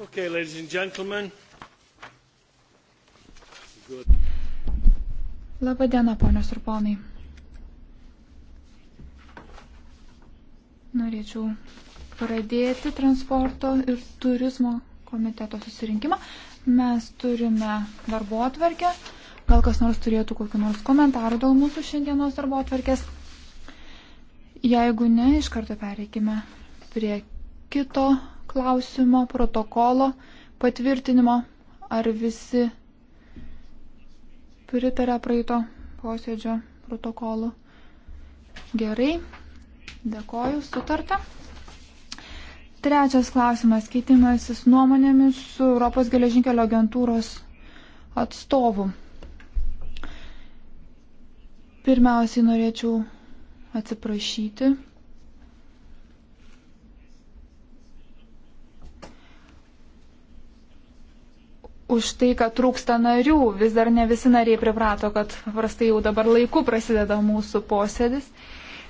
Okay, ladies and gentlemen. Good. Labadiena, ponios ir ponai. Norėčiau pradėti transporto ir turizmo komiteto susirinkimą. Mes turime darbo atvarkę. Gal kas nors turėtų kokiu nors komentaru dėl mūsų šiandienos darbo atvarkės. Jeigu ne, iš karto pereikime prie kito klausimo, protokolo patvirtinimo. Ar visi pritarė praeito posėdžio protokolu? Gerai, dėkoju, sutarta. Trečias klausimas - keitimasis nuomonėmis su Europos geležinkelio agentūros atstovu. Pirmiausiai norėčiau atsiprašyti už tai, kad trūksta narių. Vis dar ne visi nariai priprato, kad prastai jau dabar laiku prasideda mūsų posėdis.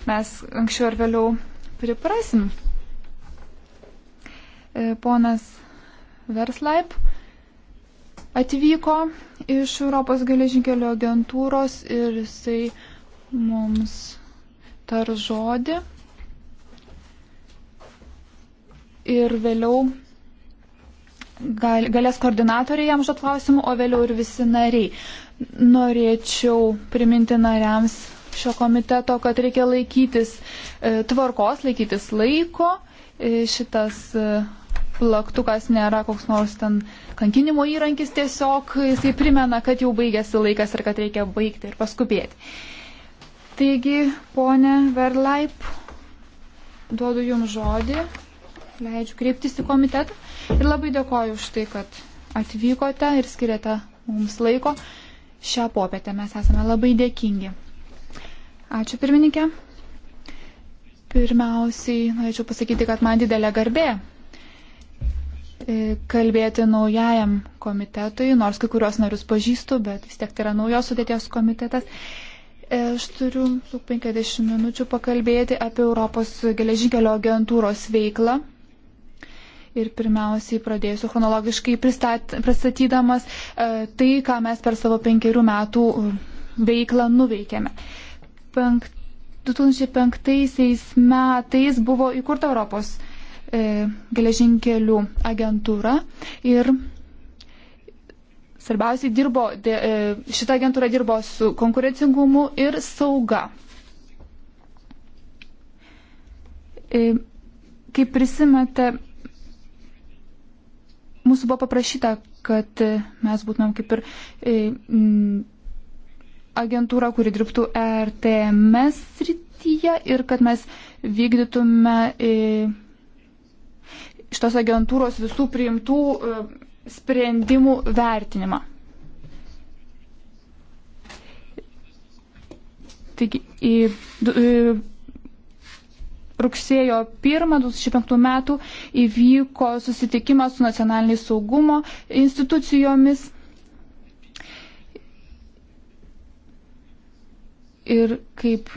Mes anksčiau ar vėliau priprasim. E, ponas Verslaip atvyko iš Europos geležinkelio agentūros ir jisai mums tar žodį. Ir vėliau gal, galės koordinatoriai jam žod klausimų, o vėliau ir visi nariai. Norėčiau priminti nariams šio komiteto, kad reikia laikytis e, tvarkos, laikytis laiko. E, šitas e, plaktukas nėra koks nors ten kankinimo įrankis, tiesiog jisai primena, kad jau baigėsi laikas ir kad reikia baigti ir paskubėti. Taigi, ponė Verlaip, duodu jums žodį leidžiu kreiptis į komitetą. Ir labai dėkoju už tai, kad atvykote ir skiriate mums laiko. Šią popietę mes esame labai dėkingi. Ačiū pirmininkė. Pirmiausiai norėčiau pasakyti, kad man didelė garbė e, kalbėti naujajam komitetui, nors kai kurios narius pažįstu, bet vis tiek tai yra naujos sudėties komitetas. E, aš turiu 50 minučių pakalbėti apie Europos geležinkelio agentūros veiklą ir pirmiausiai pradėsiu chronologiškai pristat, pristatydamas e, tai, ką mes per savo penkerių metų e, veiklą nuveikėme. Penk, 2005 metais buvo įkurta Europos e, geležinkelių agentūra ir svarbiausiai dirbo, de, e, šita agentūra dirbo su konkurencingumu ir sauga. E, kaip prisimate, Mūsų buvo paprašyta, kad mes būtumėm kaip ir e, agentūra, kuri dirbtų RTMS srityje ir kad mes vykdytume e, iš tos agentūros visų priimtų e, sprendimų vertinimą. Taigi, į, į, rugsėjo 1-2005 metų įvyko susitikimas su nacionaliniais saugumo institucijomis. Ir kaip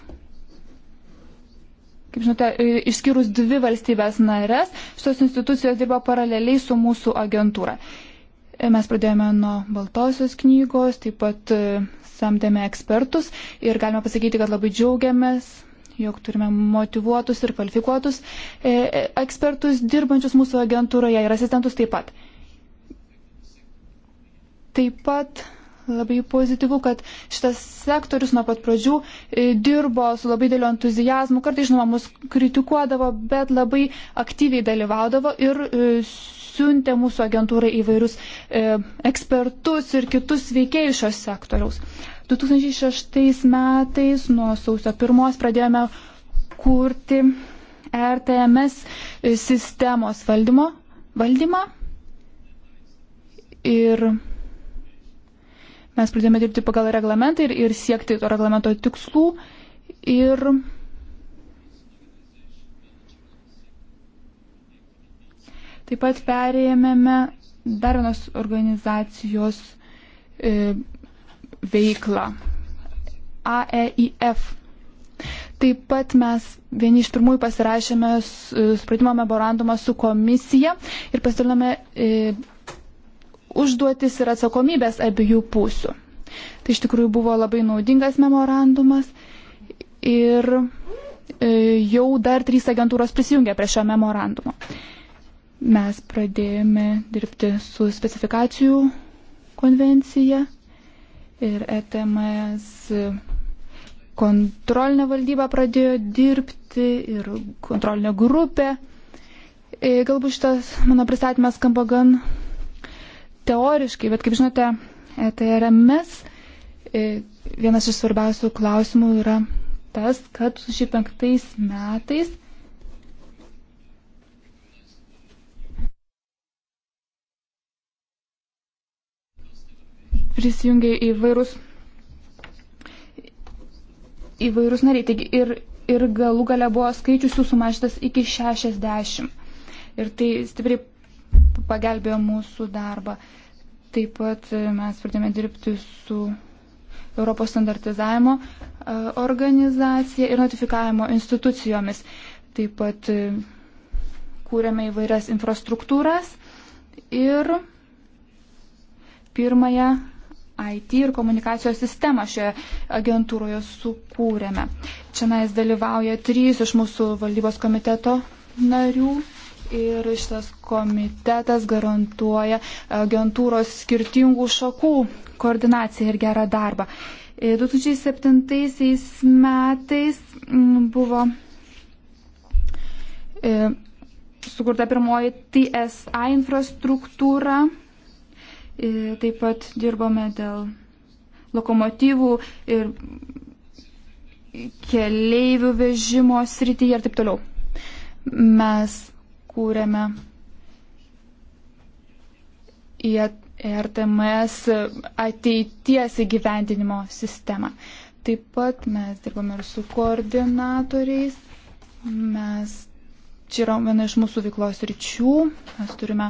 kaip žinote, išskyrus dvi valstybės narės, šios institucijos dirba paraleliai su mūsų agentūra. Mes pradėjome nuo baltosios knygos, taip pat e, samdėme ekspertus ir galime pasakyti, kad labai džiaugiamės jog turime motivuotus ir kvalifikuotus e, e, ekspertus dirbančius mūsų agentūroje ir asistentus taip pat. Taip pat labai pozityvu, kad šitas sektorius nuo pat pradžių e, dirbo su labai dėliu entuzijazmu, kartai žinoma mus kritikuodavo, bet labai aktyviai dalyvaudavo ir siuntė mūsų agentūrai įvairius ekspertus ir kitus veikėjus šios sektoriaus. 2006 metais nuo sausio pirmos pradėjome kurti RTMS sistemos valdymo, valdymą ir mes pradėjome dirbti pagal reglamentą ir, ir siekti to reglamento tikslų ir taip pat perėmėme dar vienos organizacijos e, veiklą. AEIF. Taip pat mes vieni iš pirmųjų pasirašėme supratimo memorandumą su komisija ir pasidalinome e, užduotis ir atsakomybės abiejų pusių. Tai iš tikrųjų buvo labai naudingas memorandumas ir e, jau dar trys agentūros prisijungė prie šio memorandumo. Mes pradėjome dirbti su specifikacijų konvencija ir ETMS kontrolinė valdyba pradėjo dirbti ir kontrolinė grupė. E, galbūt šitas mano pristatymas skamba gan teoriškai, bet kaip žinote, ETRMS e, vienas iš svarbiausių klausimų yra tas, kad 2005 metais prisijungė įvairūs, įvairūs nariai. Taigi ir, ir galų gale buvo skaičius jų sumažintas iki 60. Ir tai stipriai pagelbėjo mūsų darbą. Taip pat e, mes pradėjome dirbti su Europos standartizavimo e, organizacija ir notifikavimo institucijomis. Taip pat e, kūrėme įvairias infrastruktūras ir pirmąją IT ir komunikacijos sistemą šioje agentūroje sukūrėme. Čia nais dalyvauja trys iš mūsų valdybos komiteto narių ir šitas komitetas garantuoja agentūros skirtingų šakų koordinaciją ir gerą darbą. 2007 e, metais mm, buvo e, sukurta pirmoji TSA infrastruktūra E, taip pat dirbome dėl lokomotyvų ir keleivių vežimo srityje ir taip toliau. Mes kūrėme į RTMS ateities įgyvendinimo sistemą. Taip pat mes dirbame ir su koordinatoriais. Mes, čia yra viena iš mūsų veiklos ryčių. Mes turime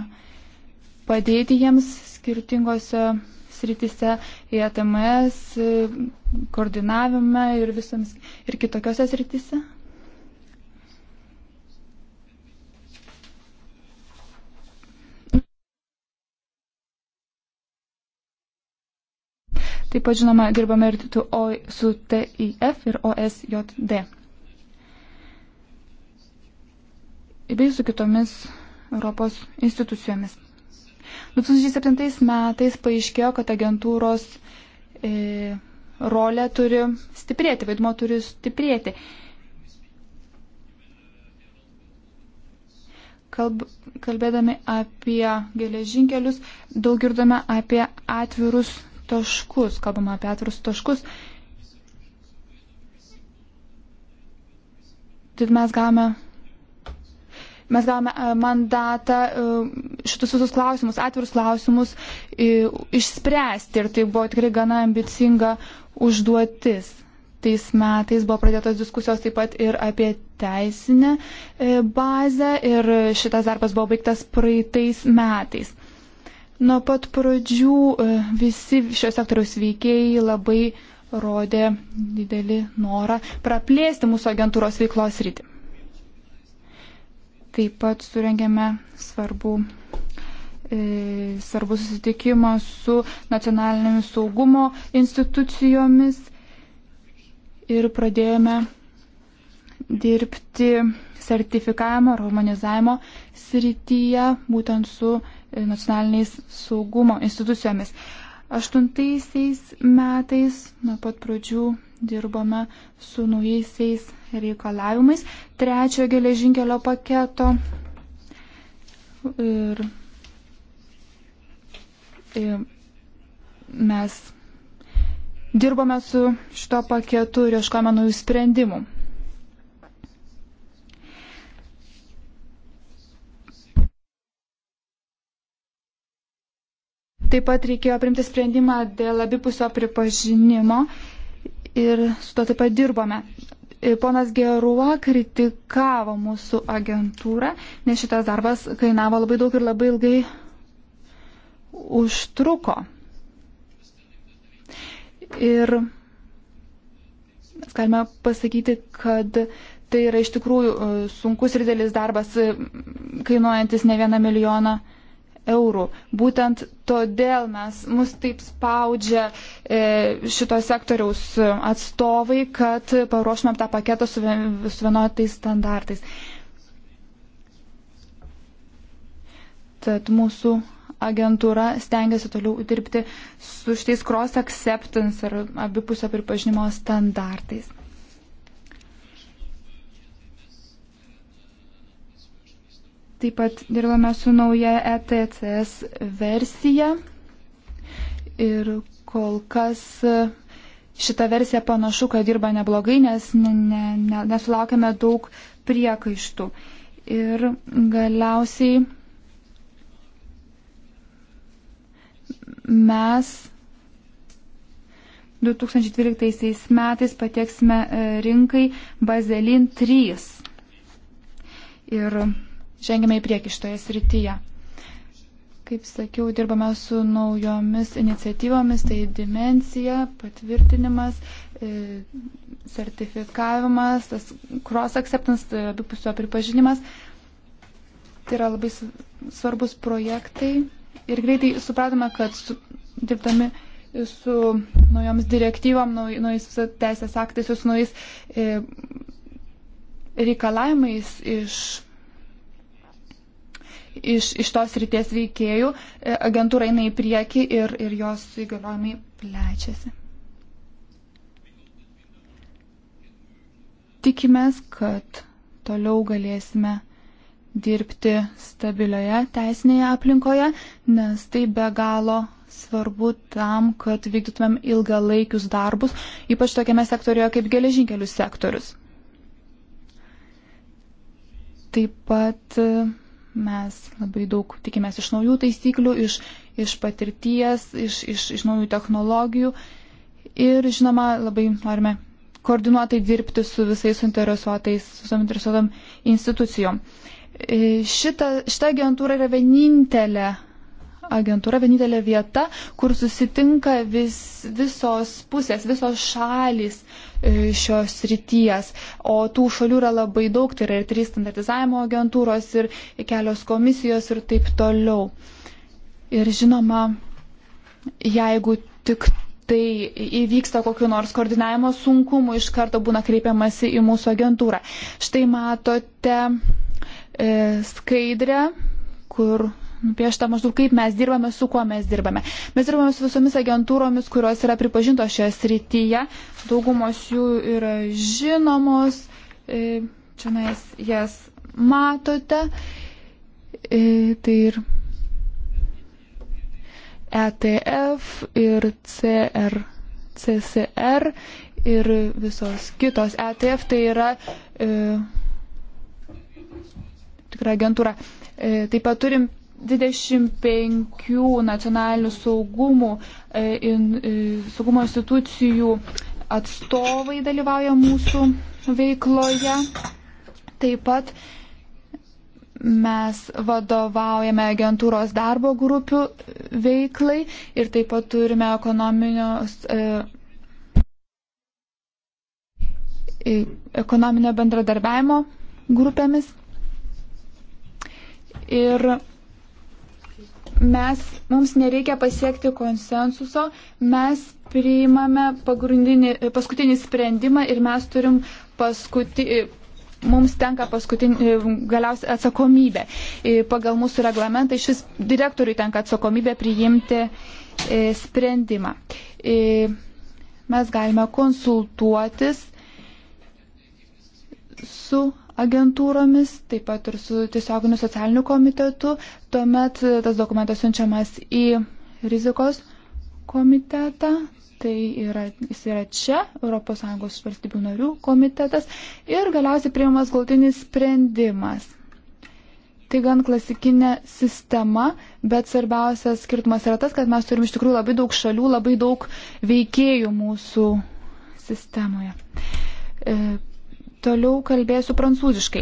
padėti jiems skirtingose sritise, ETMS, koordinavime ir, visams, ir kitokiose sritise? Taip pat, žinoma, dirbame ir su TIF ir OSJD. Bei su kitomis Europos institucijomis. 2007 metais paaiškėjo, kad agentūros e, rolė turi stiprėti, vaidmo turi stiprėti. Kalb, kalbėdami apie geležinkelius, daug girdome apie atvirus taškus, kalbama apie atvirus taškus. Tad mes gavome Mes gavome e, mandatą e, šitus visus klausimus, atvirus klausimus išspręsti ir tai buvo tikrai gana ambicinga užduotis. Tais metais buvo pradėtos diskusijos taip pat ir apie teisinę e, bazę ir šitas darbas buvo baigtas praeitais metais. Nuo pat pradžių visi šio sektoriaus veikėjai labai rodė didelį norą praplėsti mūsų agentūros veiklos rytį. Taip pat surengėme svarbų e, svarbu susitikimą su nacionalinėmis saugumo institucijomis ir pradėjome dirbti sertifikavimo ar humanizavimo srityje būtent su e, nacionaliniais saugumo institucijomis. Aštuntaisiais metais nuo pat pradžių dirbome su naujaisiais reikalavimais, trečiojo geležinkelio paketo ir, ir mes dirbome su šito paketu ir ieškome naujų sprendimų. Taip pat reikėjo primti sprendimą dėl abipusio pripažinimo ir su to taip pat dirbome. E, ponas Geruva kritikavo mūsų agentūrą, nes šitas darbas kainavo labai daug ir labai ilgai užtruko. Ir mes galime pasakyti, kad tai yra iš tikrųjų e, sunkus ir didelis darbas, e, kainuojantis ne vieną milijoną eurų eurų. Būtent todėl mes, mus taip spaudžia e, šito sektoriaus atstovai, kad paruoštumėm tą paketą su, su vienodais standartais. Tad mūsų agentūra stengiasi toliau dirbti su šitais cross acceptance ar abipusio pripažinimo standartais. Taip pat dirbame su nauja ETCS versija ir kol kas šita versija panašu, kad dirba neblogai, nes ne, ne, ne, nesulaukėme daug priekaištų. Ir galiausiai mes 2012 metais pateksime e, rinkai Bazelin 3. Ir žengėme į priekį šitoje srityje. Kaip sakiau, dirbame su naujomis iniciatyvomis, tai dimencija, patvirtinimas, e, sertifikavimas, tas cross acceptance, abipusio pripažinimas. Tai yra labai svarbus projektai ir greitai supratome, kad su, dirbdami su naujoms direktyvom, nauj, naujais teisės aktais, su naujais e, reikalavimais iš iš, iš tos ryties veikėjų, e, agentūra eina į priekį ir, ir jos įgaliojimai plečiasi. Tikimės, kad toliau galėsime dirbti stabilioje teisinėje aplinkoje, nes tai be galo svarbu tam, kad vykdytumėm ilgalaikius darbus, ypač tokiame sektorijoje kaip geležinkelių sektorius. Taip pat e, Mes labai daug tikimės iš naujų taisyklių, iš, iš patirties, iš, iš, iš naujų technologijų. Ir, žinoma, labai norime koordinuotai dirbti su visais suinteresuotais, su suinteresuotam institucijom. E, šita, šita agentūra yra vienintelė agentūra vienintelė vieta, kur susitinka vis, visos pusės, visos šalys e, šios ryties. O tų šalių yra labai daug, tai yra ir trys standartizavimo agentūros, ir kelios komisijos ir taip toliau. Ir žinoma, jeigu tik tai įvyksta kokiu nors koordinavimo sunkumu, iš karto būna kreipiamasi į mūsų agentūrą. Štai matote e, skaidrę, kur nupiešta maždaug kaip mes dirbame, su kuo mes dirbame. Mes dirbame su visomis agentūromis, kurios yra pripažintos šioje srityje, daugumos jų yra žinomos, e, čia mes jas matote. E, tai ir ETF ir CR, CCR ir visos kitos. ETF tai yra e, tikra agentūra. E, taip pat turim 25 nacionalinių saugumų, e, in, e, saugumo institucijų atstovai dalyvauja mūsų veikloje. Taip pat mes vadovaujame agentūros darbo grupių veiklai ir taip pat turime ekonominios. E, e ekonominio bendradarbiavimo grupėmis. Ir mes, mums nereikia pasiekti konsensuso, mes priimame paskutinį sprendimą ir mes turim paskutinį. Mums tenka paskutinį galiausiai atsakomybė. E, pagal mūsų reglamentą šis direktoriui tenka atsakomybė priimti e, sprendimą. E, mes galime konsultuotis su agentūromis, taip pat ir su tiesioginiu socialiniu komitetu. Tuomet tas dokumentas siunčiamas į rizikos komitetą. Tai yra, jis yra čia, ES valstybių narių komitetas ir galiausiai priimamas galtinis sprendimas. Tai gan klasikinė sistema, bet svarbiausias skirtumas yra tas, kad mes turim iš tikrųjų labai daug šalių, labai daug veikėjų mūsų sistemoje. E, Toliau kalbėsiu prancūziškai.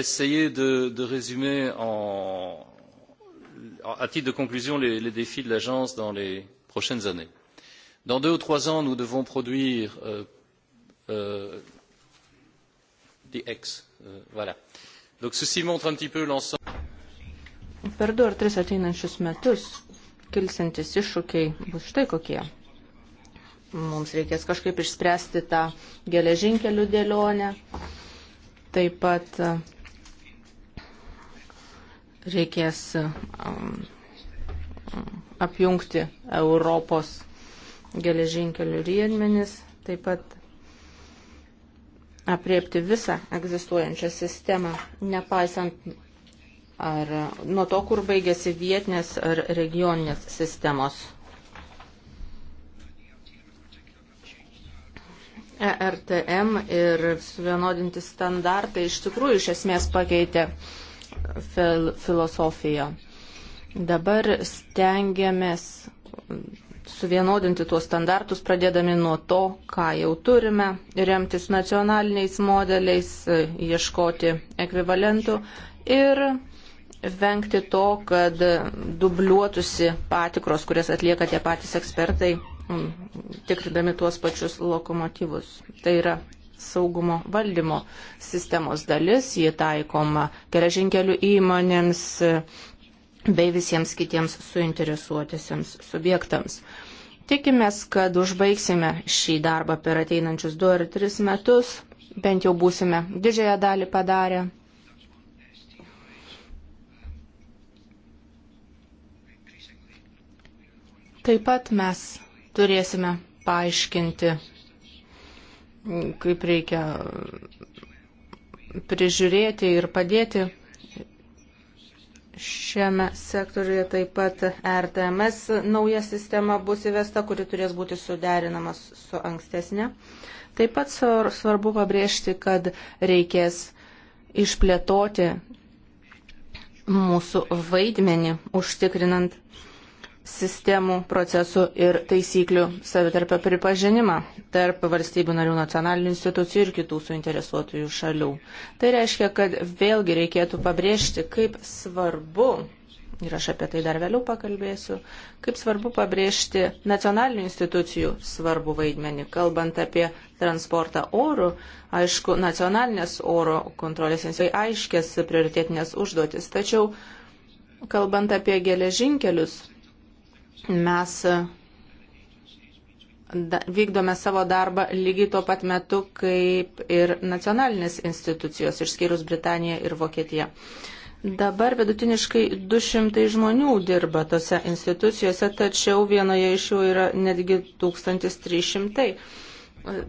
Essayer de, de résumer en, à titre de conclusion les, les défis de l'agence dans les prochaines années. Dans deux ou trois ans, nous devons produire euh, euh, the X. Euh, voilà. Donc ceci montre un petit peu l'ensemble. Per du ar tris ateinančius metus kilsintis iššūkiai bus štai kokie. Mums reikės kažkaip išspręsti tą geležinkelių dėlionę. Taip pat e, reikės e, apjungti Europos geležinkelių riedmenis, taip pat apriepti visą egzistuojančią sistemą, nepaisant ar nuo to, kur baigėsi vietinės ar regioninės sistemos. ERTM ir suvienodinti standartai iš tikrųjų iš esmės pakeitė fil filosofiją. Dabar stengiamės suvienodinti tuos standartus, pradėdami nuo to, ką jau turime, remtis nacionaliniais modeliais, ieškoti ekvivalentų ir vengti to, kad dubliuotųsi patikros, kurias atlieka tie patys ekspertai tikrindami tuos pačius lokomotyvus. Tai yra saugumo valdymo sistemos dalis, jį taikoma geležinkelių įmonėms e, bei visiems kitiems suinteresuotisiems subjektams. Tikimės, kad užbaigsime šį darbą per ateinančius 2 ar 3 metus, bent jau būsime didžiąją dalį padarę. Taip pat mes turėsime paaiškinti, kaip reikia prižiūrėti ir padėti Šiame sektoriuje taip pat RTMS nauja sistema bus įvesta, kuri turės būti suderinamas su ankstesnė. Taip pat svarbu pabrėžti, kad reikės išplėtoti mūsų vaidmenį, užtikrinant sistemų, procesų ir taisyklių savitarpio pripažinimą tarp valstybių narių nacionalinių institucijų ir kitų suinteresuotųjų šalių. Tai reiškia, kad vėlgi reikėtų pabrėžti, kaip svarbu, ir aš apie tai dar vėliau pakalbėsiu, kaip svarbu pabrėžti nacionalinių institucijų svarbų vaidmenį. Kalbant apie transportą oru, aišku, nacionalinės oro kontrolės institucijai aiškės prioritetinės užduotis, tačiau kalbant apie geležinkelius, Mes e, vykdome savo darbą lygiai tuo pat metu, kaip ir nacionalinės institucijos, išskyrus Britaniją ir Vokietiją. Dabar vidutiniškai 200 žmonių dirba tose institucijose, tačiau vienoje iš jų yra netgi 1300.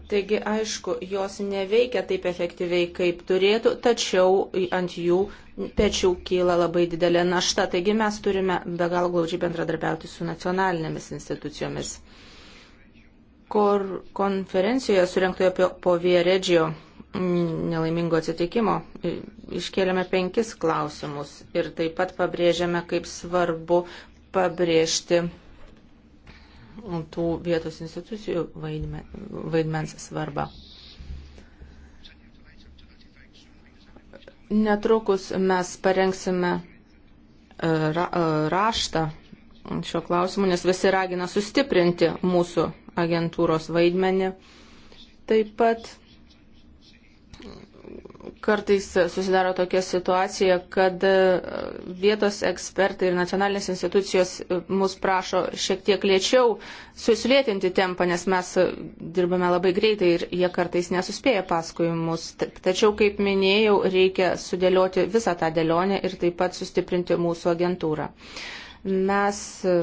Taigi, aišku, jos neveikia taip efektyviai, kaip turėtų, tačiau ant jų pečių kyla labai didelė našta. Taigi mes turime be galo glaudžiai bendradarbiauti su nacionalinėmis institucijomis. Kor konferencijoje surinktoje apie povieredžio mm, nelaimingo atsitikimo iškėlėme penkis klausimus ir taip pat pabrėžėme, kaip svarbu pabrėžti tų vietos institucijų vaidmens svarbą. Netrukus mes parengsime e, e, raštą šio klausimu, nes visi ragina sustiprinti mūsų agentūros vaidmenį. Taip pat kartais susidaro tokia situacija, kad e, vietos ekspertai ir nacionalinės institucijos e, mus prašo šiek tiek lėčiau susilėtinti tempą, nes mes dirbame labai greitai ir jie kartais nesuspėja paskui mus. Tačiau, kaip minėjau, reikia sudėlioti visą tą dėlionę ir taip pat sustiprinti mūsų agentūrą. Mes e,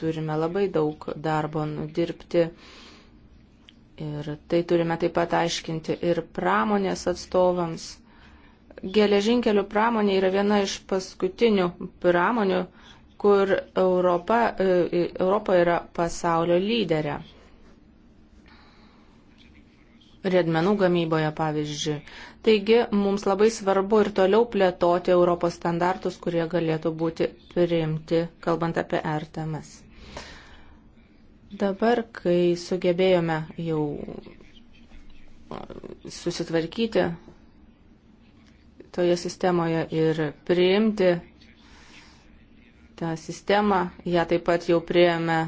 turime labai daug darbo nudirbti Ir tai turime taip pat aiškinti ir pramonės atstovams. Geležinkelių pramonė yra viena iš paskutinių pramonių, kur Europa, e, e, Europa yra pasaulio lyderė. Riedmenų gamyboje, pavyzdžiui. Taigi, mums labai svarbu ir toliau plėtoti Europos standartus, kurie galėtų būti priimti, kalbant apie RTMS. Dabar, kai sugebėjome jau susitvarkyti toje sistemoje ir priimti tą sistemą, ją taip pat jau priėmė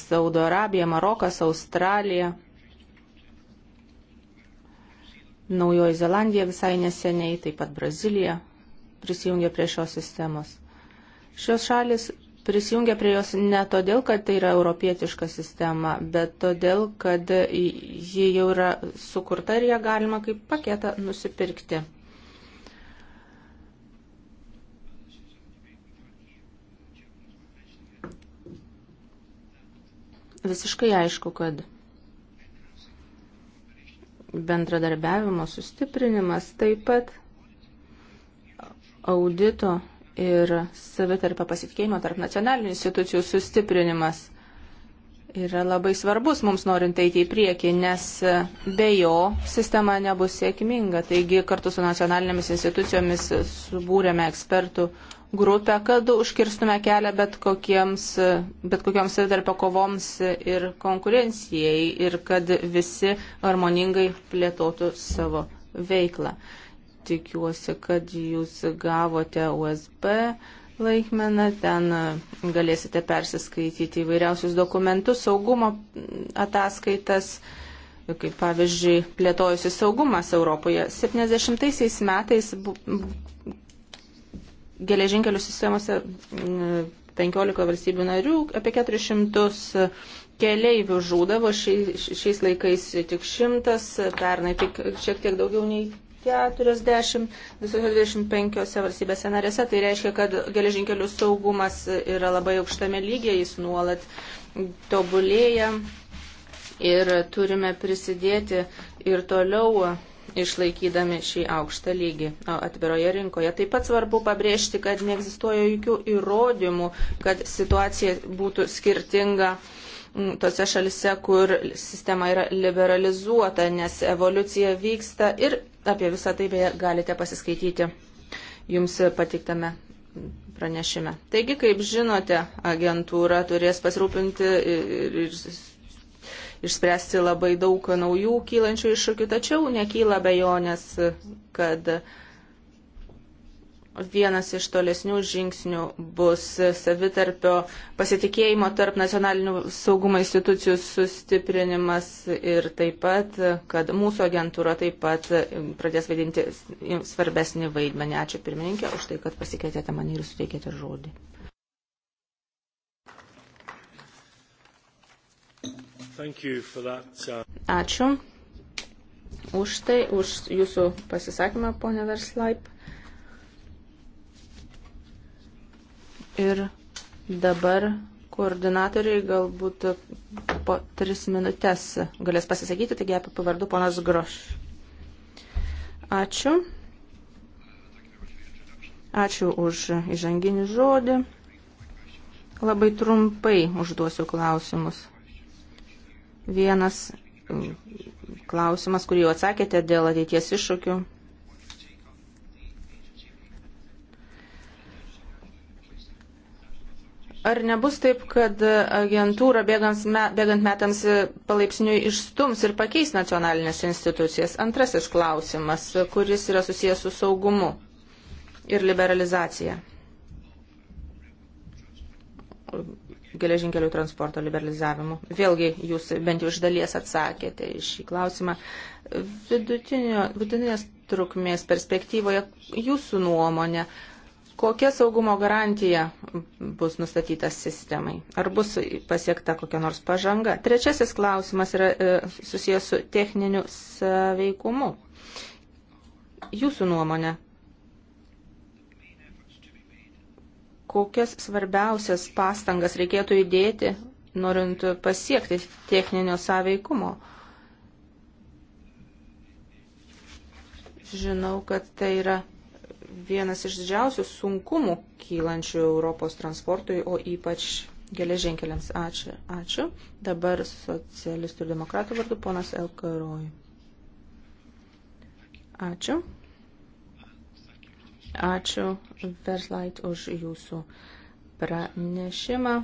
Saudo Arabija, Marokas, Australija, Naujoji Zelandija visai neseniai, taip pat Brazilija prisijungė prie šios sistemos. Šios šalis prisijungia prie jos ne todėl, kad tai yra europietiška sistema, bet todėl, kad ji jau yra sukurta ir ją galima kaip paketą nusipirkti. Visiškai aišku, kad bendradarbiavimo sustiprinimas taip pat audito ir savitarpio pasitikėjimo tarp nacionalinių institucijų sustiprinimas yra labai svarbus mums norint eiti į priekį, nes be jo sistema nebus sėkminga. Taigi kartu su nacionalinėmis institucijomis subūrėme ekspertų grupę, kad užkirstume kelią bet, kokiems, bet kokioms savitarpio kovoms ir konkurencijai ir kad visi harmoningai plėtotų savo veiklą. Tikiuosi, kad jūs gavote USB laikmeną, ten galėsite persiskaityti įvairiausius dokumentus, saugumo ataskaitas, kaip pavyzdžiui, plėtojusi saugumas Europoje. 70-aisiais metais geležinkelių sistemose 15 valstybių narių apie 400 keleivių žūdavo, šiais, šiais laikais tik 100, pernai tik šiek tiek daugiau nei 40 visose 25 valstybėse narėse. Tai reiškia, kad geležinkelių saugumas yra labai aukštame lygyje, jis nuolat tobulėja ir turime prisidėti ir toliau išlaikydami šį aukštą lygį atviroje rinkoje. Taip pat svarbu pabrėžti, kad neegzistuoja jokių įrodymų, kad situacija būtų skirtinga mm, tose šalise, kur sistema yra liberalizuota, nes evoliucija vyksta ir Apie visą tai beje galite pasiskaityti jums patiktame pranešime. Taigi, kaip žinote, agentūra turės pasirūpinti ir, ir išspręsti labai daug naujų kylančių iššūkių, tačiau nekyla bejonės, kad uh, Vienas iš tolesnių žingsnių bus savitarpio pasitikėjimo tarp nacionalinių saugumo institucijų sustiprinimas ir taip pat, kad mūsų agentūra taip pat pradės vaidinti svarbesnį vaidmenį. Ačiū pirmininkė už tai, kad pasikėtėte man ir suteikėte žodį. Uh, Ačiū už tai, už jūsų pasisakymą, ponė Verslaip. Ir dabar koordinatoriai galbūt po tris minutės galės pasisakyti, taigi apie pavardų ponas Groš. Ačiū. Ačiū už įžanginį žodį. Labai trumpai užduosiu klausimus. Vienas klausimas, kurį jau atsakėte dėl ateities iššūkių, Ar nebus taip, kad agentūra bėgant, me, bėgant metams palaipsniui išstums ir pakeis nacionalinės institucijas? Antrasis klausimas, kuris yra susijęs su saugumu ir liberalizacija. Geležinkelių transporto liberalizavimu. Vėlgi, jūs bent jau iš dalies atsakėte į šį klausimą. Vidutinės trukmės perspektyvoje jūsų nuomonė, Kokia saugumo garantija bus nustatyta sistemai? Ar bus pasiekta kokia nors pažanga? Trečiasis klausimas yra e, susijęs su techniniu saveikumu. Jūsų nuomonė, kokias svarbiausias pastangas reikėtų įdėti, norint pasiekti techninio saveikumo? Žinau, kad tai yra vienas iš didžiausių sunkumų kylančių Europos transportui, o ypač geležinkeliams. Ačiū. Ačiū. Dabar socialistų ir demokratų vardu ponas Elkaroj. Ačiū. Ačiū Verslait už jūsų pranešimą.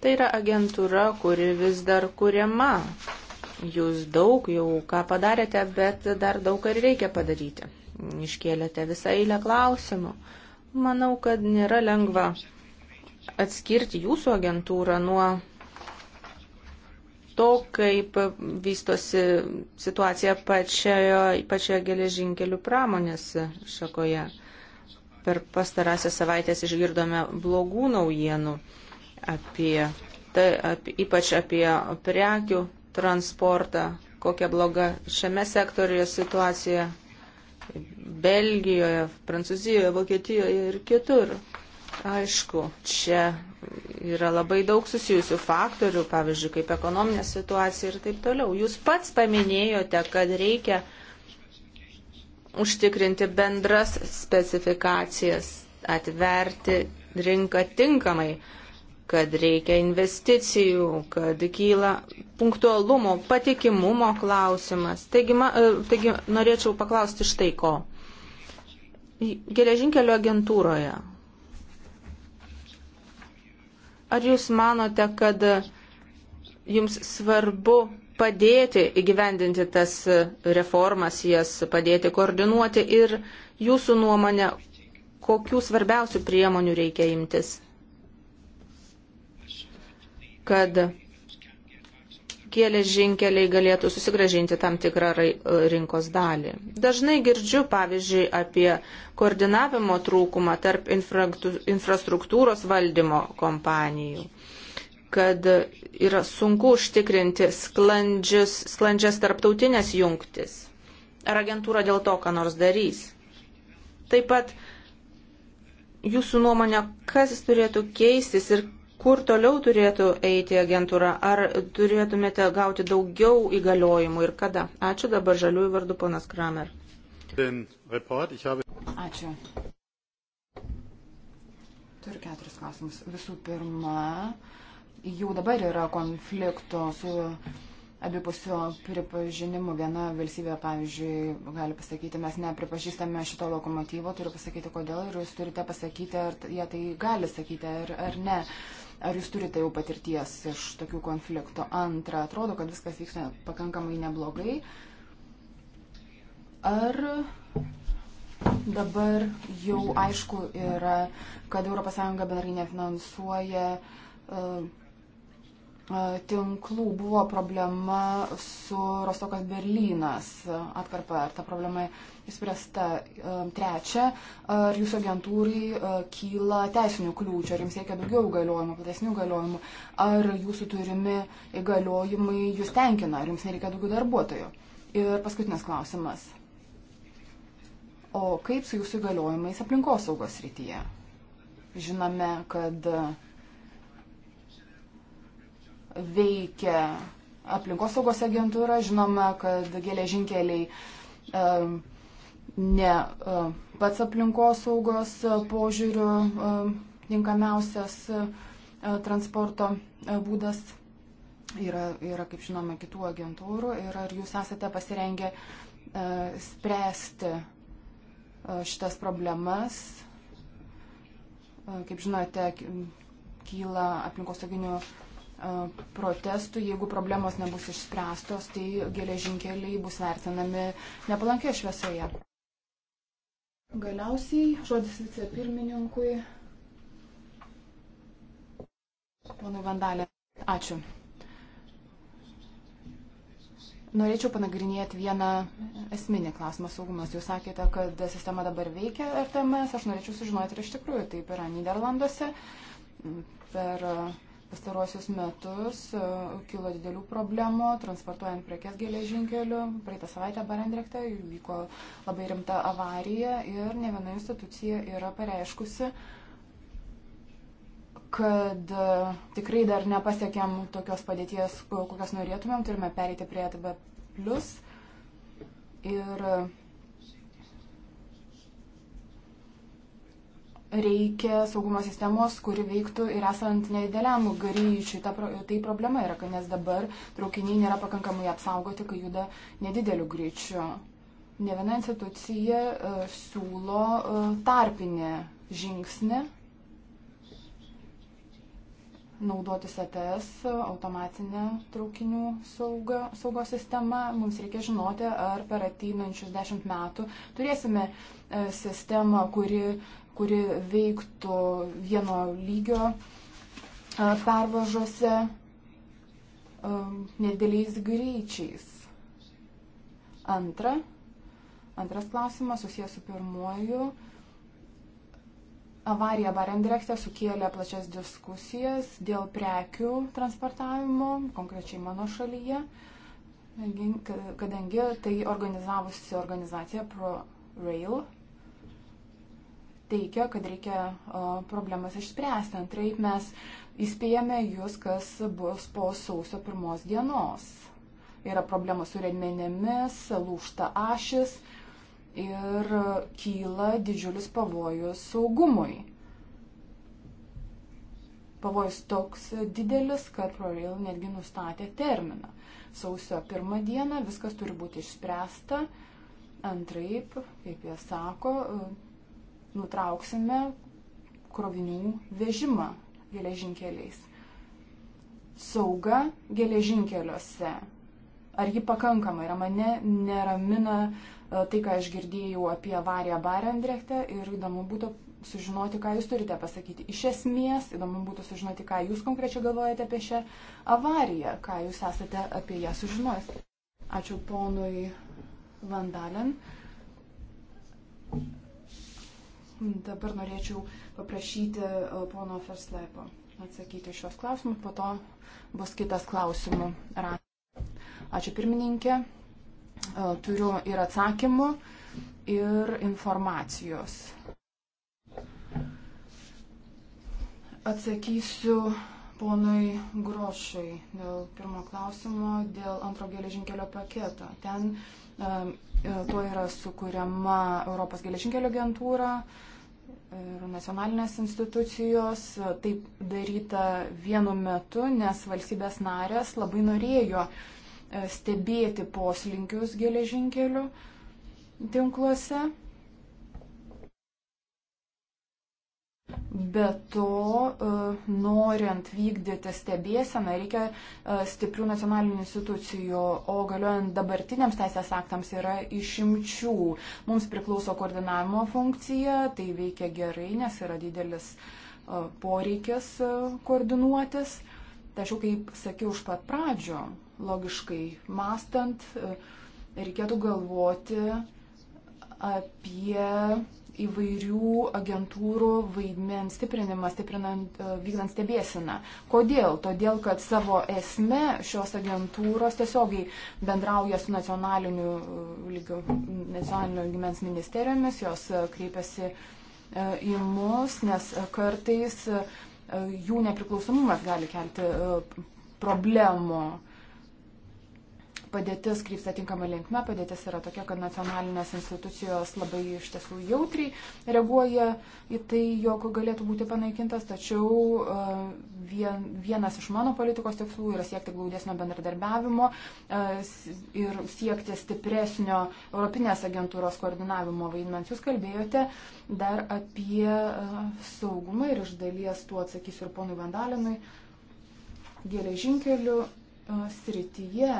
Tai yra agentūra, kuri vis dar kuriama. Jūs daug jau ką padarėte, bet dar daug ką ir reikia padaryti iškėlėte visą eilę klausimų. Manau, kad nėra lengva atskirti jūsų agentūrą nuo to, kaip vystosi situacija pačioje, pačioje geležinkelių pramonės šakoje. Per pastarąsią savaitę išgirdome blogų naujienų apie, tai, apie, ypač apie prekių transportą, kokia bloga šiame sektorijoje situacija Belgijoje, Prancūzijoje, Vokietijoje ir kitur. Aišku, čia yra labai daug susijusių faktorių, pavyzdžiui, kaip ekonominė situacija ir taip toliau. Jūs pats paminėjote, kad reikia užtikrinti bendras specifikacijas, atverti rinką tinkamai kad reikia investicijų, kad kyla punktualumo, patikimumo klausimas. Taigi, ma, e, taigi norėčiau paklausti štai ko. Geležinkelio agentūroje. Ar jūs manote, kad jums svarbu padėti įgyvendinti tas reformas, jas padėti koordinuoti ir jūsų nuomonė, kokių svarbiausių priemonių reikia imtis? kad geležinkeliai galėtų susigražinti tam tikrą rinkos dalį. Dažnai girdžiu, pavyzdžiui, apie koordinavimo trūkumą tarp infrastruktūros valdymo kompanijų kad yra sunku užtikrinti sklandžius, sklandžias tarptautinės jungtis. Ar agentūra dėl to, ką nors darys? Taip pat jūsų nuomonė, kas turėtų keistis ir kur toliau turėtų eiti agentūra, ar turėtumėte gauti daugiau įgaliojimų ir kada? Ačiū dabar žaliųjų vardu ponas Kramer. Ačiū. Turiu keturis klausimus. Visų pirma, jau dabar yra konflikto su abipusio pripažinimu viena valstybė, pavyzdžiui, gali pasakyti, mes nepripažįstame šito lokomotyvo, turiu pasakyti kodėl ir jūs turite pasakyti, ar jie tai gali sakyti ar, ar ne. Uh, Ar jūs turite jau patirties iš tokių konfliktų? Antra, atrodo, kad viskas vyksta pakankamai neblogai. Ar dabar jau aišku yra, kad ES bendrai nefinansuoja uh, tinklų buvo problema su Rostokas Berlynas atkarpa. Ar ta problema įspręsta. Um, trečia, ar jūsų agentūrai uh, kyla teisinių kliūčių, ar jums reikia daugiau įgaliojimų, platesnių įgaliojimų, ar jūsų turimi įgaliojimai jūs tenkina, ar jums nereikia daugiau darbuotojų. Ir paskutinis klausimas. O kaip su jūsų įgaliojimais aplinkosaugos rytyje? Žinome, kad veikia aplinkosaugos agentūra, žinome, kad geležinkeliai um, ne e, pats aplinkosaugos e, požiūrių e, tinkamiausias transporto būdas. Yra, yra, kaip žinome, kitų agentūrų ir ar jūs esate pasirengę spręsti šitas problemas. Kaip žinote, kyla aplinkosauginių protestų, jeigu problemos nebus išspręstos, tai geležinkeliai bus vertinami nepalankioje šviesoje. Galiausiai žodis vicepirmininkui. Ponui Vandalė, ačiū. Norėčiau panagrinėti vieną esminį klausimą saugumas. Jūs sakėte, kad sistema dabar veikia RTMS. Aš norėčiau sužinoti, ar iš tikrųjų taip yra Niderlanduose. Per pastaruosius metus e, kilo didelių problemų transportuojant prekes geležinkeliu. Praeitą savaitę Barendrekte vyko labai rimta avarija ir ne viena institucija yra pareiškusi, kad e, tikrai dar nepasiekėm tokios padėties, kokios norėtumėm, turime pereiti prie ATB. Ir reikia saugumo sistemos, kuri veiktų ir esant nedideliam greičiui. Ta, tai problema yra, kad nes dabar traukiniai nėra pakankamai apsaugoti, kai juda nedideliu greičiu. Ne viena institucija uh, siūlo uh, tarpinį žingsnį naudotis ATS, automatinę traukinių saugą, saugos sistemą. Mums reikia žinoti, ar per ateinančius dešimt metų turėsime e, sistemą, kuri kuri veiktų vieno lygio pervažose nedėliais greičiais. Antra, antras klausimas susijęs su pirmuoju. Avarija Barendrekte sukėlė plačias diskusijas dėl prekių transportavimo, konkrečiai mano šalyje, kadangi tai organizavusi organizacija ProRail teikia, kad reikia problemas išspręsti. Antraip mes įspėjame jūs, kas bus po sausio pirmos dienos. Yra problema su redmenėmis, lūšta ašis ir kyla didžiulis pavojus saugumui. Pavojus toks didelis, kad ProRail netgi nustatė terminą. Sausio pirmą dieną viskas turi būti išspręsta. Antraip, kaip jie sako, nutrauksime krovinių vežimą geležinkeliais. Sauga geležinkeliuose. Ar ji pakankama yra? Mane neramina e, tai, ką aš girdėjau apie avariją Barendrechte ir įdomu būtų sužinoti, ką jūs turite pasakyti. Iš esmės, įdomu būtų sužinoti, ką jūs konkrečiai galvojate apie šią avariją, ką jūs esate apie ją sužinojęs. Ačiū ponui Vandalen. Dabar norėčiau paprašyti e, pono Ferslepo atsakyti šios klausimus, po to bus kitas klausimų ratas. Ačiū pirmininkė, e, turiu ir atsakymų, ir informacijos. Atsakysiu ponui Grošui dėl pirmo klausimo, dėl antro geležinkelio paketo. Ten e, tuo yra sukūriama Europos geležinkelio agentūra, ir nacionalinės institucijos. Taip daryta vienu metu, nes valstybės narės labai norėjo e, stebėti poslinkius geležinkelių tinkluose. Be to, e, norint vykdyti stebėseną, reikia e, stiprių nacionalinių institucijų, o galiojant dabartiniams teisės aktams yra išimčių. Mums priklauso koordinavimo funkcija, tai veikia gerai, nes yra didelis e, poreikis koordinuotis. Tačiau, kaip sakiau už pat pradžio, logiškai mastant, reikėtų galvoti apie įvairių agentūrų vaidmens stiprinimas, stiprinant, e, vykdant stebėsiną. Kodėl? Todėl, kad savo esme šios agentūros tiesiogiai bendrauja su nacionaliniu e, lygiu, nacionalinio lygmens ministerijomis, jos e, kreipiasi į mus, nes kartais jų nepriklausomumas gali kelti problemų padėtis krypsta tinkama linkme, padėtis yra tokia, kad nacionalinės institucijos labai iš tiesų jautriai reaguoja į tai, jog galėtų būti panaikintas, tačiau e, vien, vienas iš mano politikos tikslų yra siekti glaudesnio bendradarbiavimo e, ir siekti stipresnio Europinės agentūros koordinavimo vaidmens. Jūs kalbėjote dar apie e, saugumą ir iš dalies tuo atsakysiu ir ponui Vandalinui geležinkelių srityje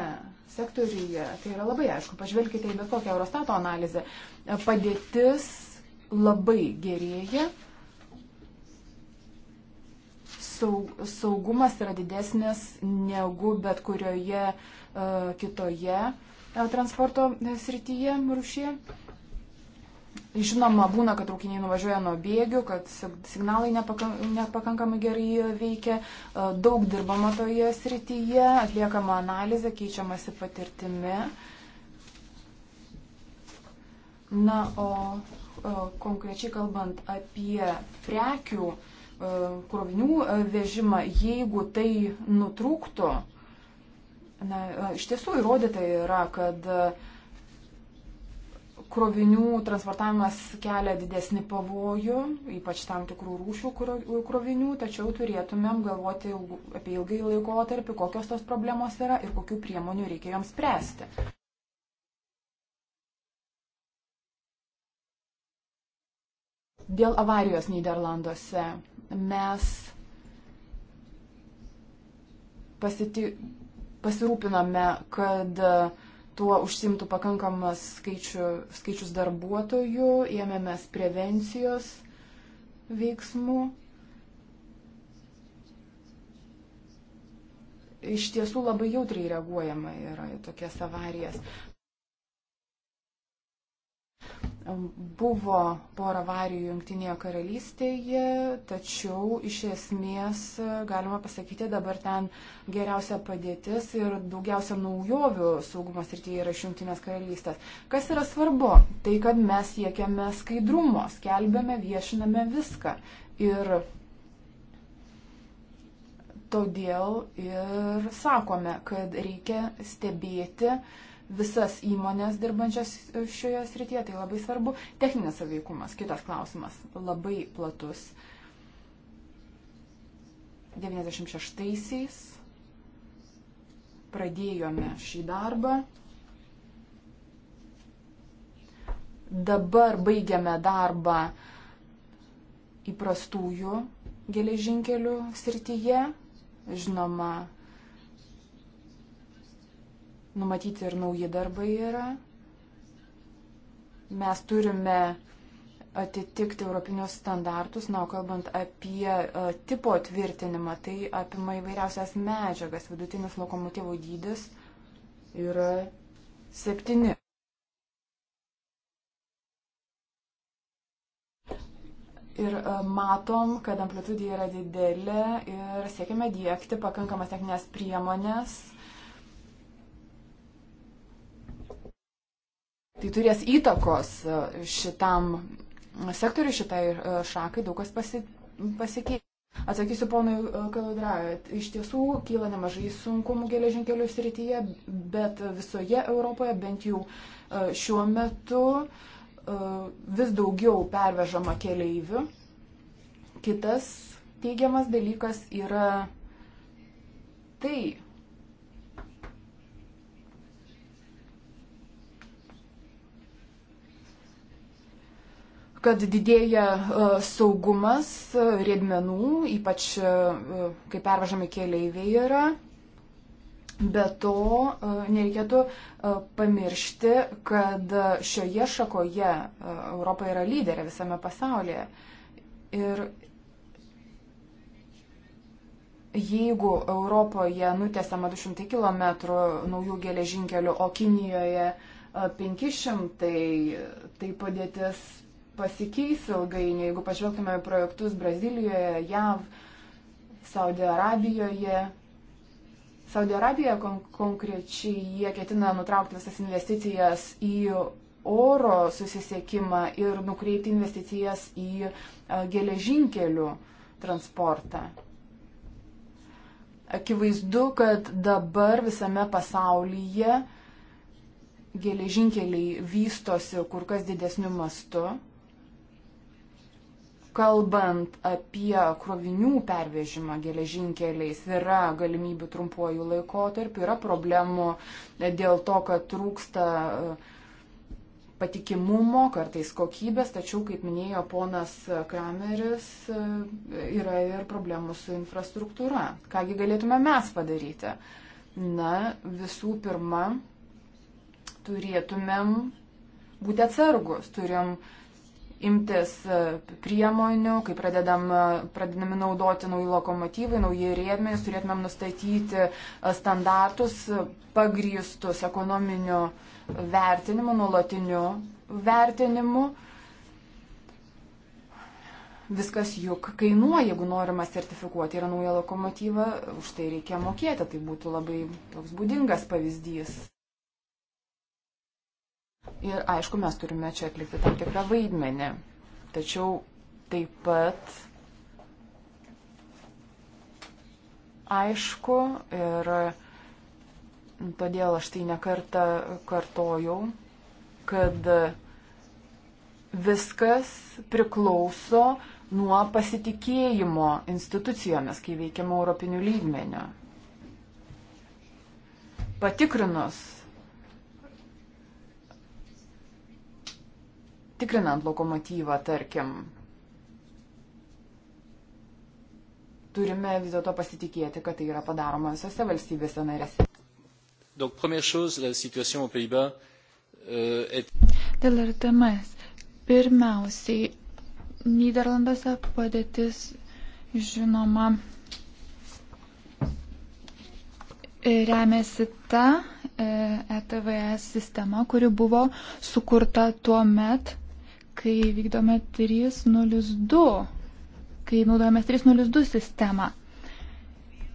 sektoriuje. Tai yra labai aišku. Pažvelkite į bet kokią Eurostato analizę. Padėtis labai gerėja. Saugumas yra didesnis negu bet kurioje uh, kitoje uh, transporto e, srityje rušyje. Žinoma, būna, kad traukiniai nuvažiuoja nuo bėgių, kad signalai nepakankamai gerai e, veikia, e, daug dirbama toje srityje, atliekama analizė, keičiamasi patirtimi. Na, o e, konkrečiai kalbant apie prekių krovinių vežimą, jeigu tai nutrūktų, na, iš tiesų įrodyta yra, kad uh, krovinių transportavimas kelia didesnį pavojų, ypač tam tikrų rūšių krovinių, tačiau turėtumėm galvoti apie ilgai laikotarpį, kokios tos problemos yra ir kokių priemonių reikia joms spręsti. Dėl avarijos Niderlanduose mes pasiti, pasirūpiname, kad uh, tuo užsimtų pakankamas skaičių, skaičius darbuotojų, ėmėmės prevencijos veiksmų. Iš tiesų labai jautriai reaguojama yra į tokias avarijas. Buvo pora avarijų Junktinėje karalystėje, tačiau iš esmės e, galima pasakyti, dabar ten geriausia padėtis ir daugiausia naujovių saugumo srityje yra iš Junktinės karalystės. Kas yra svarbu? Tai, kad mes siekiame skaidrumo, skelbėme, viešiname viską. Ir todėl ir sakome, kad reikia stebėti uh, visas įmonės dirbančias e, šioje srityje, tai labai svarbu. Techninis saveikumas, kitas klausimas, labai platus. 96-aisiais pradėjome šį darbą. Dabar baigiame darbą įprastųjų geležinkelių srityje. Žinoma, numatyti ir nauji darbai yra. Mes turime atitikti europinius standartus, na, kalbant apie uh, tipo tvirtinimą, tai apima įvairiausias medžiagas, vidutinis lokomotyvų dydis yra septyni. Ir e, matom, kad amplitudija yra didelė ir siekime dėkti pakankamas techninės priemonės tai turės įtakos e, šitam sektoriui, šitai e, šakai, daug kas pasi, pasikeis. Atsakysiu ponui e, Kaludrai, iš tiesų kyla nemažai sunkumų geležinkelių srityje, bet visoje Europoje bent jau šiuo metu vis daugiau pervežama keleivių. Kitas teigiamas dalykas yra tai, kad didėja e, saugumas e, riedmenų, ypač e, kai pervežami keliaiviai yra. Be to, nereikėtų pamiršti, kad šioje šakoje Europa yra lyderė visame pasaulyje. Ir jeigu Europoje nutėsama 200 km naujų geležinkelių, o Kinijoje 500, tai padėtis pasikeis ilgainiui, jeigu pažvelgtume į projektus Brazilijoje, JAV, Saudio Arabijoje. Saudio Arabija kon konkrečiai jie ketina nutraukti visas investicijas į oro susisiekimą ir nukreipti investicijas į e, geležinkelių transportą. Akivaizdu, kad dabar visame pasaulyje geležinkeliai vystosi kur kas didesniu mastu kalbant apie krovinių pervežimą geležinkeliais, yra galimybių trumpuoju laikotarpiu, yra problemų dėl to, kad trūksta e, patikimumo, kartais kokybės, tačiau, kaip minėjo ponas Krameris, e, yra ir problemų su infrastruktūra. Kągi galėtume mes padaryti? Na, visų pirma, turėtumėm būti atsargus, turim uh, imtis e, priemonių, kai pradedam, e, pradedami naudoti nauji lokomotyvai, nauji riedmenys, turėtumėm nustatyti e, standartus pagrįstus ekonominiu vertinimu, nuolatiniu vertinimu. Viskas juk kainuoja, jeigu norima sertifikuoti yra naują lokomotyvą, už tai reikia mokėti, tai būtų labai toks būdingas pavyzdys. Ir aišku, mes turime čia atlikti tam tikrą vaidmenį. Tačiau taip pat aišku ir todėl aš tai nekartą kartojau, kad viskas priklauso nuo pasitikėjimo institucijomis, kai veikiama Europinių lygmenio. Patikrinus tikrinant lokomotyvą, tarkim. Turime vis dėlto pasitikėti, kad tai yra padaroma visose valstybėse narėse. Donc, première chose, la situation aux Pays-Bas euh, est. Dėl RTMS. Pirmiausiai, Niderlanduose padėtis, žinoma, e, remiasi ta ETVS e sistema, kuri buvo sukurta tuo met, kai vykdome 302, kai naudojame 302 sistemą.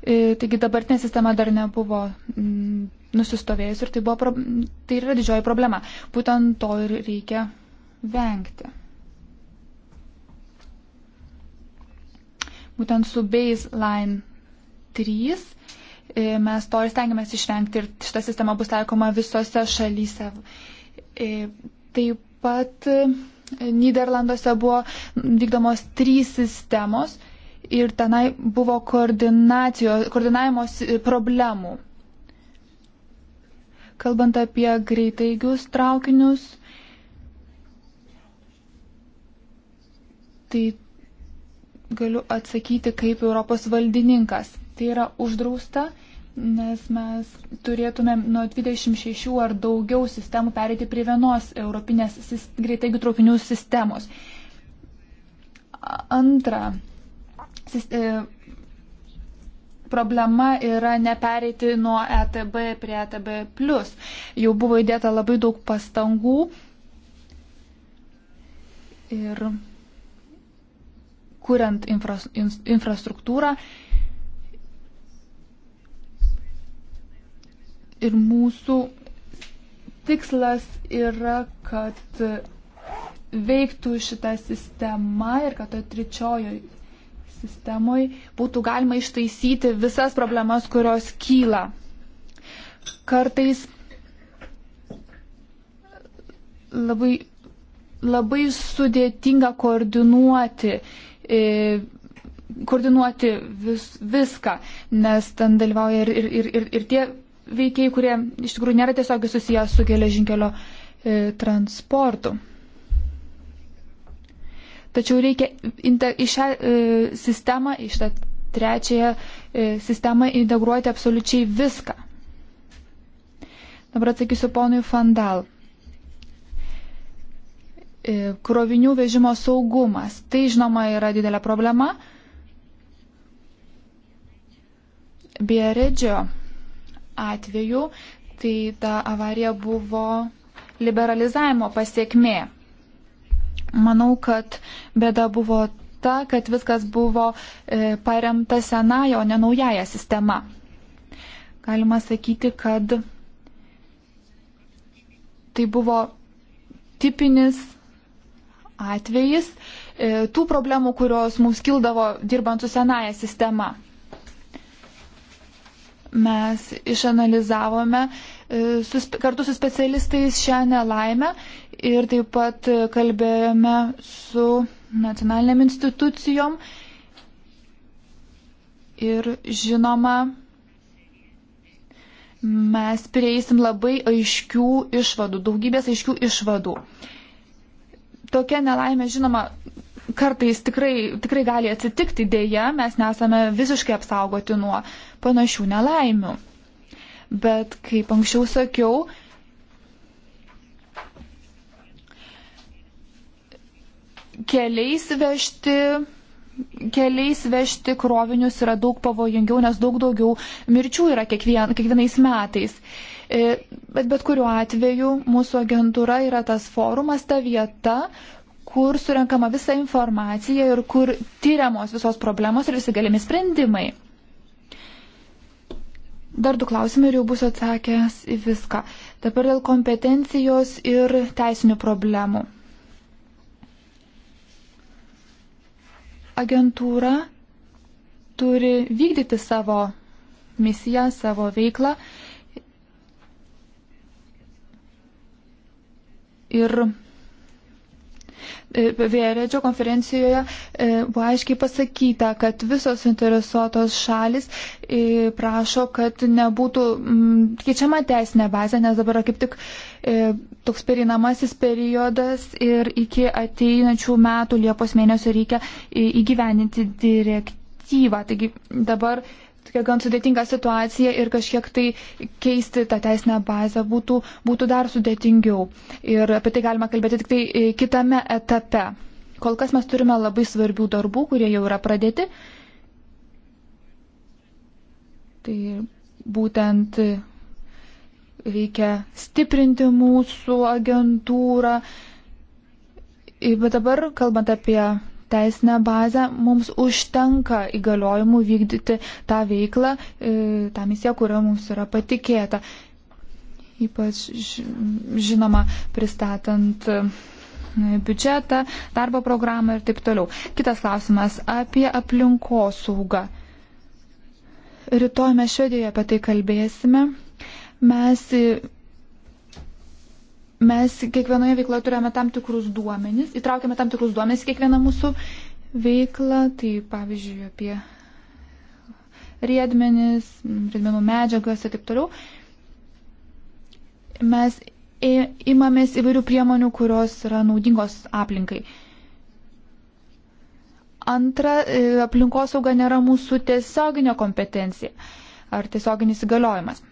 E, taigi dabartinė sistema dar nebuvo mm, nusistovėjusi ir tai, buvo, tai yra didžioji problema. Būtent to ir reikia vengti. Būtent su baseline 3 e, mes to ir stengiamės išvengti ir šita sistema bus taikoma visose šalyse. E, taip pat Niderlanduose buvo vykdomos trys sistemos ir tenai buvo koordinavimo problemų. Kalbant apie greitaigius traukinius, tai galiu atsakyti kaip Europos valdininkas. Tai yra uždrausta nes mes turėtumėm nuo 26 ar daugiau sistemų pereiti prie vienos europinės greitaigių traukinių sistemos. Antra, e, problema yra nepereiti nuo ETB prie ETB. Jau buvo įdėta labai daug pastangų ir kuriant infra, infrastruktūrą. Infra Ir mūsų tikslas yra, kad veiktų šita sistema ir kad toje trečiojoje sistemoje būtų galima ištaisyti visas problemas, kurios kyla. Kartais labai, labai sudėtinga koordinuoti e, koordinuoti vis, viską, nes ten dalyvauja ir, ir, ir, ir, ir tie veikiai, kurie iš tikrųjų nėra tiesiogiai susijęs su geležinkelio e, transportu. Tačiau reikia inter, į šią e, sistemą, į šitą trečiąją e, sistemą integruoti absoliučiai viską. Dabar atsakysiu ponui Fandal. E, krovinių vežimo saugumas. Tai, žinoma, yra didelė problema. Bieredžio atveju tai ta avarija buvo liberalizavimo pasiekmė. Manau, kad bėda buvo ta, kad viskas buvo e, paremta senaja, o ne naujaja sistema. Galima sakyti, kad tai buvo tipinis atvejis e, tų problemų, kurios mums kildavo dirbant su senaja sistema. Mes išanalizavome e, su, kartu su specialistais šią nelaimę ir taip pat kalbėjome su nacionaliniam institucijom ir žinoma, mes prieisim labai aiškių išvadų, daugybės aiškių išvadų. Tokia nelaimė, žinoma, kartais tikrai, tikrai gali atsitikti dėja, mes nesame visiškai apsaugoti nuo panašių nelaimių. Bet kaip anksčiau sakiau, keliais vežti, keliais vežti krovinius yra daug pavojingiau, nes daug daugiau mirčių yra kiekvien, kiekvienais metais. E, bet bet kuriuo atveju mūsų agentūra yra tas forumas, ta vieta, kur surinkama visa informacija ir kur tyriamos visos problemos ir visi galimi sprendimai. Dar du klausimai ir jau bus atsakęs į viską. Dabar dėl kompetencijos ir teisinių problemų. Agentūra turi vykdyti savo misiją, savo veiklą. Ir E, Vėredžio konferencijoje e, buvo aiškiai pasakyta, kad visos interesuotos šalis e, prašo, kad nebūtų mm, keičiama teisinė bazė, nes dabar kaip tik toks perinamasis periodas ir iki ateinančių metų Liepos mėnesio reikia įgyveninti direktyvą. Taigi dabar tokia gan sudėtinga situacija ir kažkiek tai keisti tą teisinę bazę būtų, būtų dar sudėtingiau. Ir apie tai galima kalbėti tik tai e, kitame etape. Kol kas mes turime labai svarbių darbų, kurie jau yra pradėti. Tai būtent e, reikia stiprinti mūsų agentūrą. E, bet dabar, kalbant apie teisinę bazę, mums užtenka įgaliojimų vykdyti tą veiklą, e, tą misiją, kurio mums yra patikėta. Ypač žinoma, pristatant e, biudžetą, darbo programą ir taip toliau. Kitas klausimas apie aplinkosaugą. Rytoj mes švedijoje apie tai kalbėsime. Mes mes kiekvienoje veikloje turėjome tam tikrus duomenis, įtraukėme tam tikrus duomenis kiekvieną mūsų veiklą, tai pavyzdžiui apie riedmenis, riedmenų medžiagas ir taip toliau. Mes imamės įvairių priemonių, kurios yra naudingos aplinkai. Antra, e, aplinkosauga nėra mūsų tiesioginė kompetencija ar tiesioginis įgaliojimas.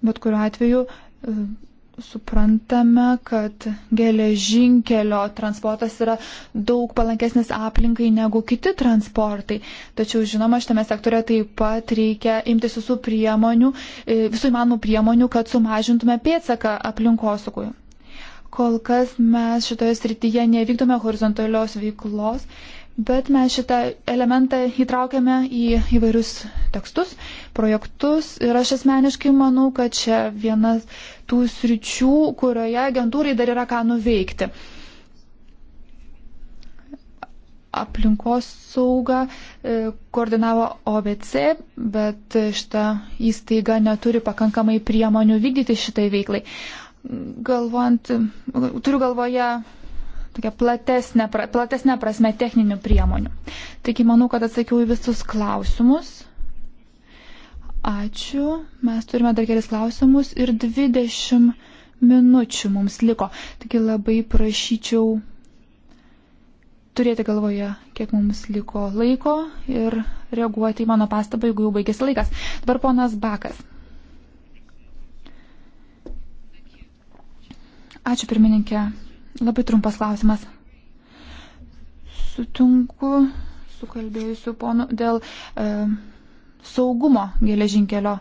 Bet kuriuo atveju e, suprantame, kad geležinkelio transportas yra daug palankesnis aplinkai negu kiti transportai. Tačiau, žinoma, šitame sektorė taip pat reikia imtis visų priemonių, e, visų įmanomų priemonių, kad sumažintume pėtsaką aplinkosukui. Kol kas mes šitoje srityje nevykdome horizontalios veiklos, bet mes šitą elementą įtraukėme į įvairius tekstus, projektus ir aš asmeniškai manau, kad čia viena tų sričių, kurioje agentūrai dar yra ką nuveikti. Aplinkos sauga e, koordinavo OBC, bet šita įstaiga neturi pakankamai priemonių vykdyti šitai veiklai. Galvojant, turiu galvoje tokia platesnė, platesnė prasme techninių priemonių. Taigi manau, kad atsakiau į visus klausimus. Ačiū. Mes turime dar kelis klausimus ir 20 minučių mums liko. Taigi labai prašyčiau turėti galvoje, kiek mums liko laiko ir reaguoti į mano pastabą, jeigu jau baigėsi laikas. Dabar ponas Bakas. Ačiū pirmininkė. Labai trumpas klausimas. Sutinku su kalbėjusiu ponu dėl e, saugumo geležinkelio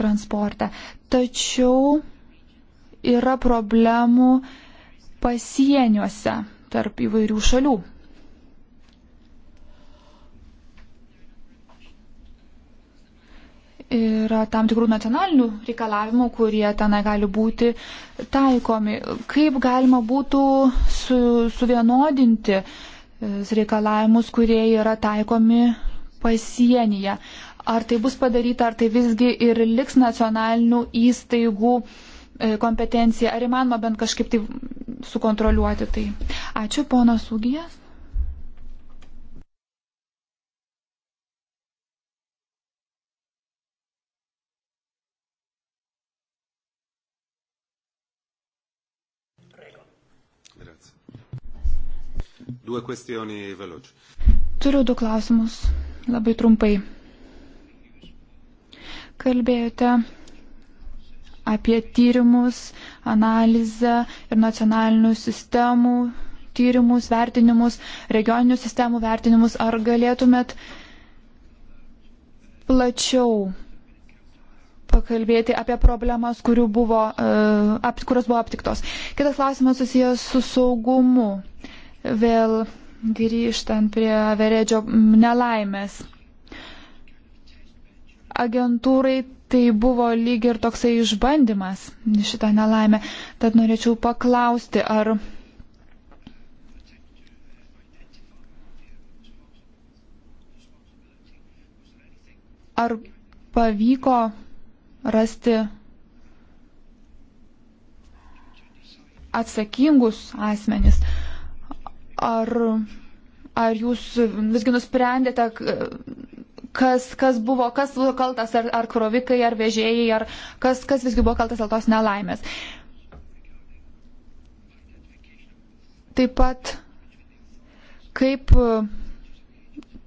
transporte. Tačiau yra problemų pasieniuose tarp įvairių šalių. yra tam tikrų nacionalinių reikalavimų, kurie tenai gali būti taikomi. Kaip galima būtų su, suvienodinti e, reikalavimus, kurie yra taikomi pasienyje? Ar tai bus padaryta, ar tai visgi ir liks nacionalinių įstaigų e, kompetencija, ar įmanoma bent kažkaip tai sukontroliuoti tai. Ačiū, ponas Ugijas. Due questioni veloci. Turiu du klausimus, labai trumpai. Kalbėjote apie tyrimus, analizę ir nacionalinių sistemų tyrimus, vertinimus, regioninių sistemų vertinimus. Ar galėtumėt plačiau pakalbėti apie problemas, buvo, e, ap, kurios buvo aptiktos? Kitas klausimas susijęs su saugumu. Vėl grįžtant prie Averedžio nelaimės. Agentūrai tai buvo lyg ir toksai išbandymas šitą nelaimę. Tad norėčiau paklausti, ar. Ar pavyko rasti atsakingus asmenis? Ar, ar jūs visgi nusprendėte, kas, kas buvo, kas buvo kaltas, ar, ar krovikai, ar vežėjai, ar kas, kas visgi buvo kaltas dėl tos nelaimės? Taip pat kaip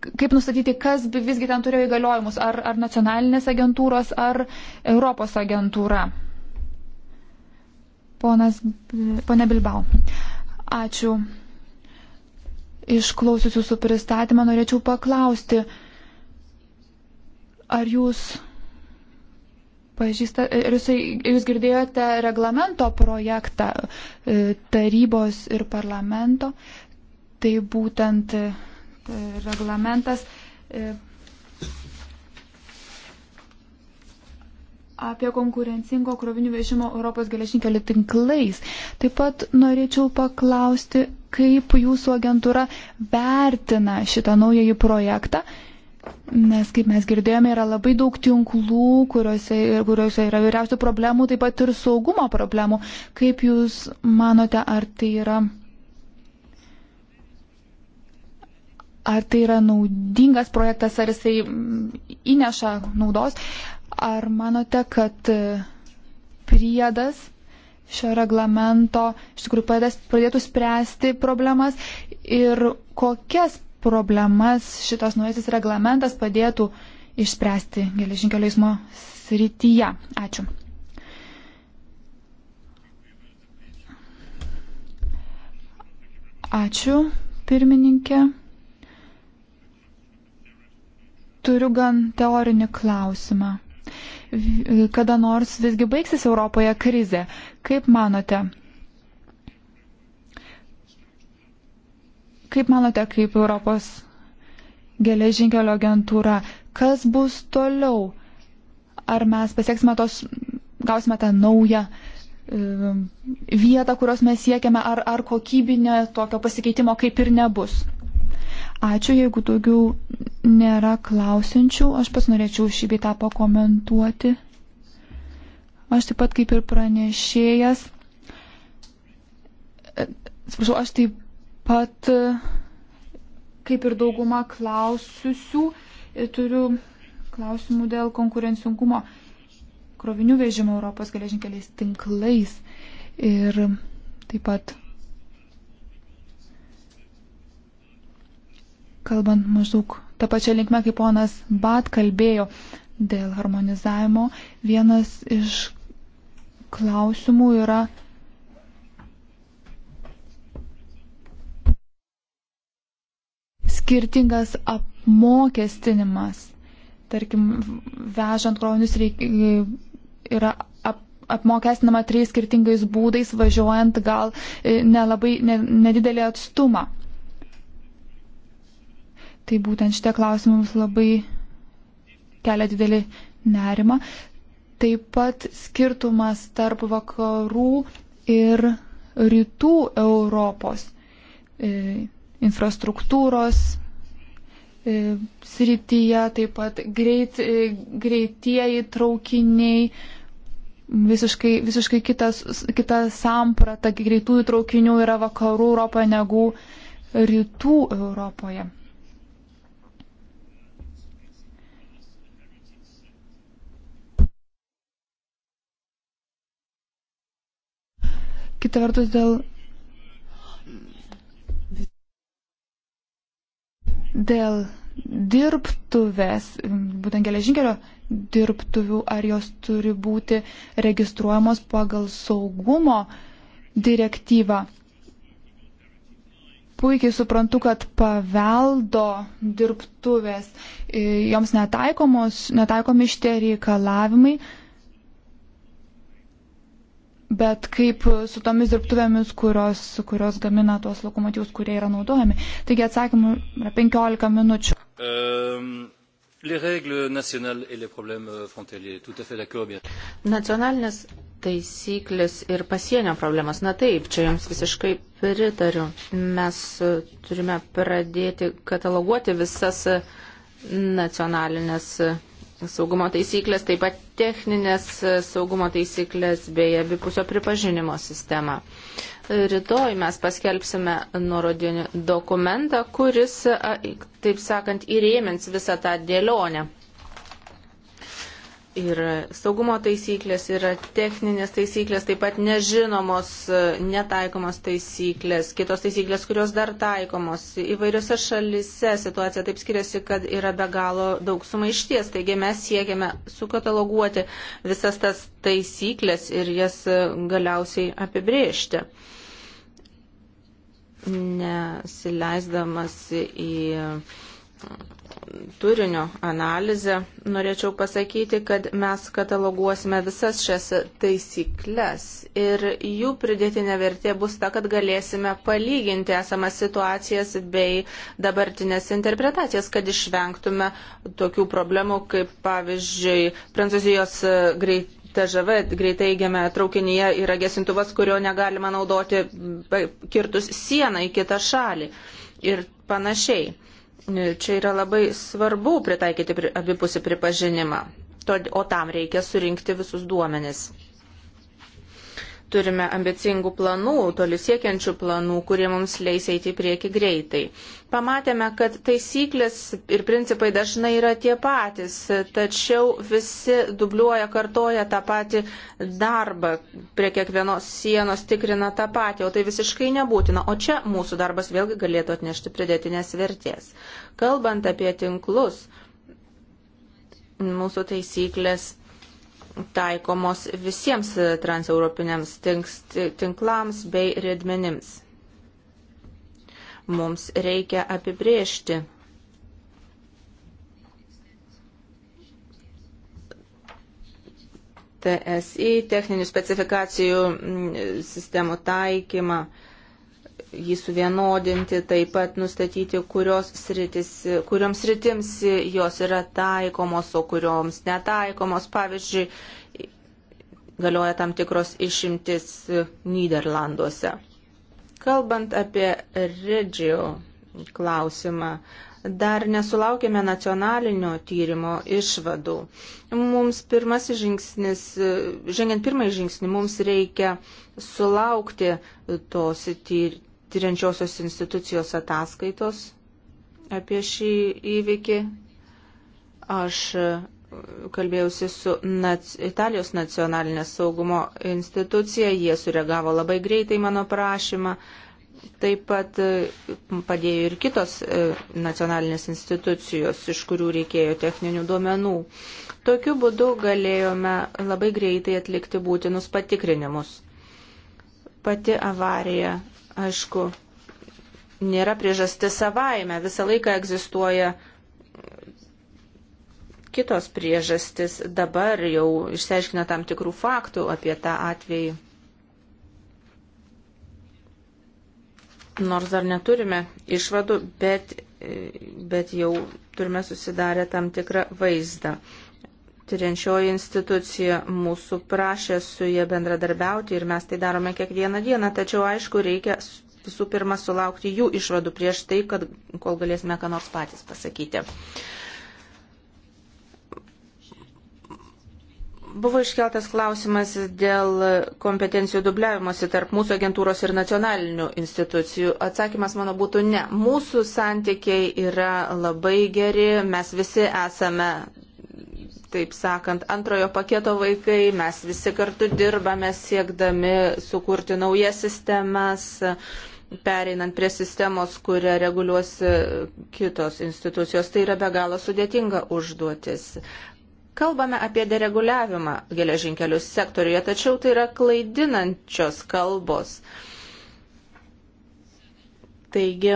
kaip nustatyti, kas visgi ten turėjo įgaliojimus, ar, ar nacionalinės agentūros, ar Europos agentūra. Ponas, pone Bilbao, ačiū. Išklausius jūsų pristatymą norėčiau paklausti, ar jūs pažįsta, ir jūs, jūs girdėjote reglamento projektą e, tarybos ir parlamento, tai būtent e, reglamentas e, apie konkurencingo krovinių vežimo Europos geležinkelio tinklais. Taip pat norėčiau paklausti, kaip jūsų agentūra vertina šitą naująjį projektą, nes, kaip mes girdėjome, yra labai daug tinklų, kuriuose, kuriuose yra vyriausių problemų, taip pat ir saugumo problemų. Kaip jūs manote, ar tai yra. Ar tai yra naudingas projektas, ar jisai mm, įneša naudos? Uh, Ar manote, kad e, priedas šio reglamento iš tikrųjų pradėtų spręsti problemas ir kokias problemas šitas naujasis reglamentas padėtų išspręsti geležinkelio eismo srityje? Ačiū. Ačiū, pirmininkė. Turiu gan teorinį klausimą kada nors visgi baigsis Europoje krizė. Kaip manote? Kaip manote, kaip Europos geležinkelio agentūra, kas bus toliau? Ar mes pasieksime tos, gausime tą naują e, vietą, kurios mes siekiame, ar, ar kokybinė tokio pasikeitimo kaip ir nebus? Ačiū, jeigu daugiau nėra klausinčių, aš pas norėčiau šį beitą pakomentuoti. Aš taip pat kaip ir pranešėjas, e, atsiprašau, aš taip pat e, kaip ir dauguma klausiusių e, turiu klausimų dėl konkurencingumo krovinių vežimo Europos geležinkeliais tinklais ir taip pat kalbant maždaug tą pačią linkmę, kaip ponas Bat kalbėjo dėl harmonizavimo, vienas iš klausimų yra. Skirtingas apmokestinimas, tarkim, vežant krovinius reik, yra ap, apmokestinama trys skirtingais būdais, važiuojant gal e, nelabai ne, nedidelį atstumą. Tai būtent šitie klausimai mums labai kelia didelį nerimą. Taip pat skirtumas tarp vakarų ir rytų Europos e, infrastruktūros e, srityje, taip pat greit, e, greitieji traukiniai, visiškai, visiškai kitas, kita samprata greitųjų traukinių yra vakarų Europoje negu rytų Europoje. Kita vertus dėl. Dėl dirbtuvės, būtent geležinkelio dirbtuvių, ar jos turi būti registruojamos pagal saugumo direktyvą. Puikiai suprantu, kad paveldo dirbtuvės, e, joms netaikomos, netaikomi šitie reikalavimai, Bet kaip su tomis dirbtuvėmis, kurios, kurios gamina tuos lokomotyvus, kurie yra naudojami. Taigi atsakymų yra 15 minučių. Um. Les règles nationales et les problèmes euh, frontaliers, tout à fait d'accord, bien. Nacionalinės taisyklės ir pasienio problemas. Na taip, čia jums visiškai pritariu. Mes e, turime pradėti kataloguoti visas e, nacionalinės e, saugumo taisyklės, taip pat techninės saugumo taisyklės bei abipusio pripažinimo sistema. Rytoj mes paskelbsime nuorodinį dokumentą, kuris, taip sakant, įrėmins visą tą dėlionę yra saugumo taisyklės, yra techninės taisyklės, taip pat nežinomos, e, netaikomos taisyklės, kitos taisyklės, kurios dar taikomos. Įvairiose šalise situacija taip skiriasi, kad yra be galo daug sumaišties, taigi mes siekiame sukataloguoti visas tas taisyklės ir jas e, galiausiai apibriežti. Nesileisdamas į turinio analizę, norėčiau pasakyti, kad mes kataloguosime visas šias taisyklės ir jų pridėtinė vertė bus ta, kad galėsime palyginti esamas situacijas bei dabartinės interpretacijas, kad išvengtume tokių problemų, kaip pavyzdžiui Prancūzijos greit. TŽV greitai įgiame traukinyje yra gesintuvas, kurio negalima naudoti kirtus sieną į kitą šalį ir panašiai. Čia yra labai svarbu pritaikyti abipusį pripažinimą, o tam reikia surinkti visus duomenis. Turime ambicingų planų, toli siekiančių planų, kurie mums leis eiti į priekį greitai. Pamatėme, kad taisyklės ir principai dažnai yra tie patys, tačiau visi dubliuoja, kartoja tą patį darbą, prie kiekvienos sienos tikrina tą patį, o tai visiškai nebūtina. O čia mūsų darbas vėlgi galėtų atnešti pridėtinės vertės. Kalbant apie tinklus, mūsų taisyklės taikomos visiems transeuropiniams tinklams bei riedmenims. Mums reikia apibriežti TSI techninių specifikacijų mm, sistemų taikymą jį suvienodinti, taip pat nustatyti, sritis, kurioms sritims jos yra taikomos, o kurioms netaikomos. Pavyzdžiui, galioja tam tikros išimtis Niderlanduose. Kalbant apie Regio klausimą, dar nesulaukėme nacionalinio tyrimo išvadų. Mums pirmasis žingsnis, žengiant pirmąjį žingsnį, mums reikia sulaukti tos tyr, tyriančiosios institucijos ataskaitos apie šį įvykį. Aš e, kalbėjausi su nac, Italijos nacionalinės saugumo institucija, jie sureagavo labai greitai mano prašymą. Taip pat e, padėjo ir kitos e, nacionalinės institucijos, iš kurių reikėjo techninių duomenų. Tokiu būdu galėjome labai greitai atlikti būtinus patikrinimus. Pati avarija aišku, nėra priežasti savaime. Visą laiką egzistuoja kitos priežastis. Dabar jau išsiaiškina tam tikrų faktų apie tą atvejį. Nors dar neturime išvadų, bet, bet jau turime susidarę tam tikrą vaizdą. Tyriančioji institucija mūsų prašė su jie bendradarbiauti ir mes tai darome kiekvieną dieną, tačiau aišku, reikia visų pirma sulaukti jų išvadų prieš tai, kad kol galėsime ką nors patys pasakyti. Buvo iškeltas klausimas dėl kompetencijų dubliavimosi tarp mūsų agentūros ir nacionalinių institucijų. Atsakymas mano būtų ne. Mūsų santykiai yra labai geri, mes visi esame taip sakant, antrojo paketo vaikai, mes visi kartu dirbame siekdami sukurti naujas sistemas, pereinant prie sistemos, kurią reguliuos kitos institucijos. Tai yra be galo sudėtinga užduotis. Kalbame apie dereguliavimą geležinkelių sektoriuje, tačiau tai yra klaidinančios kalbos. Taigi,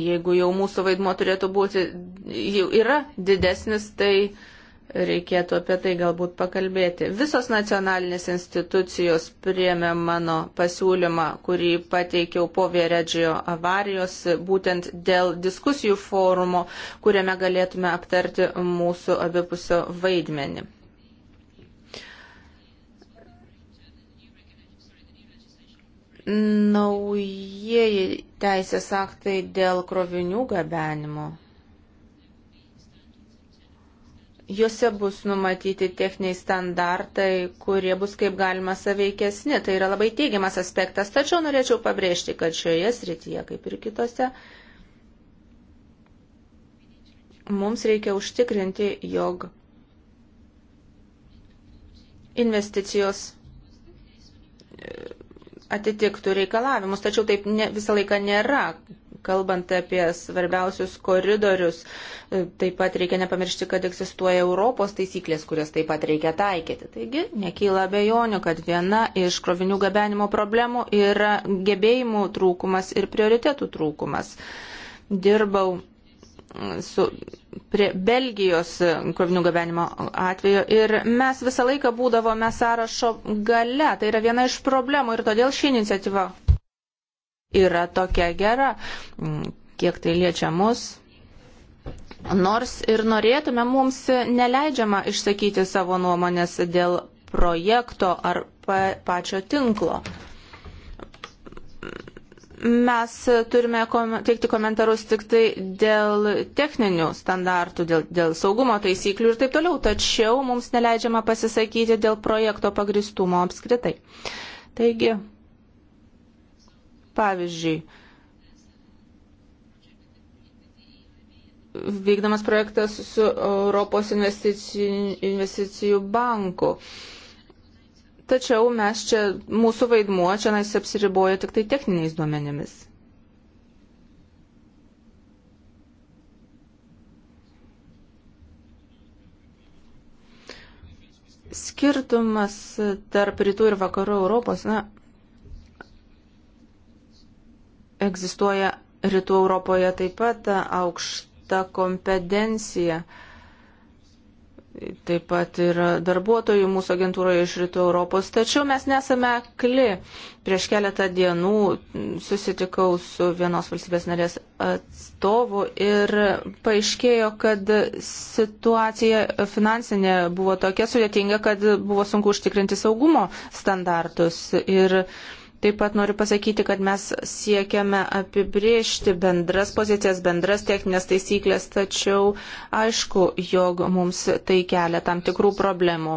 Jeigu jau mūsų vaidmo turėtų būti, jau yra didesnis, tai reikėtų apie tai galbūt pakalbėti. Visos nacionalinės institucijos priemė mano pasiūlymą, kurį pateikiau po Vėredžio avarijos, būtent dėl diskusijų forumo, kuriame galėtume aptarti mūsų abipusio vaidmenį. naujieji teisės aktai dėl krovinių gabenimo. Juose bus numatyti techniniai standartai, kurie bus kaip galima saveikesni. Tai yra labai teigiamas aspektas, tačiau norėčiau pabrėžti, kad šioje srityje, kaip ir kitose, mums reikia užtikrinti, jog investicijos atitiktų reikalavimus, tačiau taip ne, visą laiką nėra. Kalbant apie svarbiausius koridorius, e, taip pat reikia nepamiršti, kad egzistuoja Europos taisyklės, kurias taip pat reikia taikyti. Taigi nekyla abejonių, kad viena iš krovinių gabenimo problemų yra gebėjimų trūkumas ir prioritetų trūkumas. Dirbau su prie Belgijos krovinių gabenimo atveju ir mes visą laiką būdavome sąrašo gale. Tai yra viena iš problemų ir todėl ši iniciatyva yra tokia gera, mm, kiek tai liečia mus. Nors ir norėtume, mums neleidžiama išsakyti savo nuomonės dėl projekto ar pačio tinklo. Mes turime kom teikti komentarus tik tai dėl techninių standartų, dėl, dėl saugumo taisyklių ir taip toliau, tačiau mums neleidžiama pasisakyti dėl projekto pagristumo apskritai. Taigi, pavyzdžiui, vykdamas projektas su Europos investicijų banku. Uh, Tačiau mes čia, mūsų vaidmuo čia nais apsiriboja tik tai techniniais duomenimis. Skirtumas tarp rytų ir vakarų Europos, na, egzistuoja rytų Europoje taip pat aukšta kompetencija. Uh, Taip pat yra darbuotojų mūsų agentūroje iš Rytų Europos, tačiau mes nesame akli. Prieš keletą dienų susitikau su vienos valstybės narės atstovu ir paaiškėjo, kad situacija finansinė buvo tokia sudėtinga, kad buvo sunku užtikrinti saugumo standartus. Ir, uh, Taip pat noriu pasakyti, kad mes siekiame apibriežti bendras pozicijas, bendras techninės taisyklės, tačiau aišku, jog mums tai kelia tam tikrų problemų.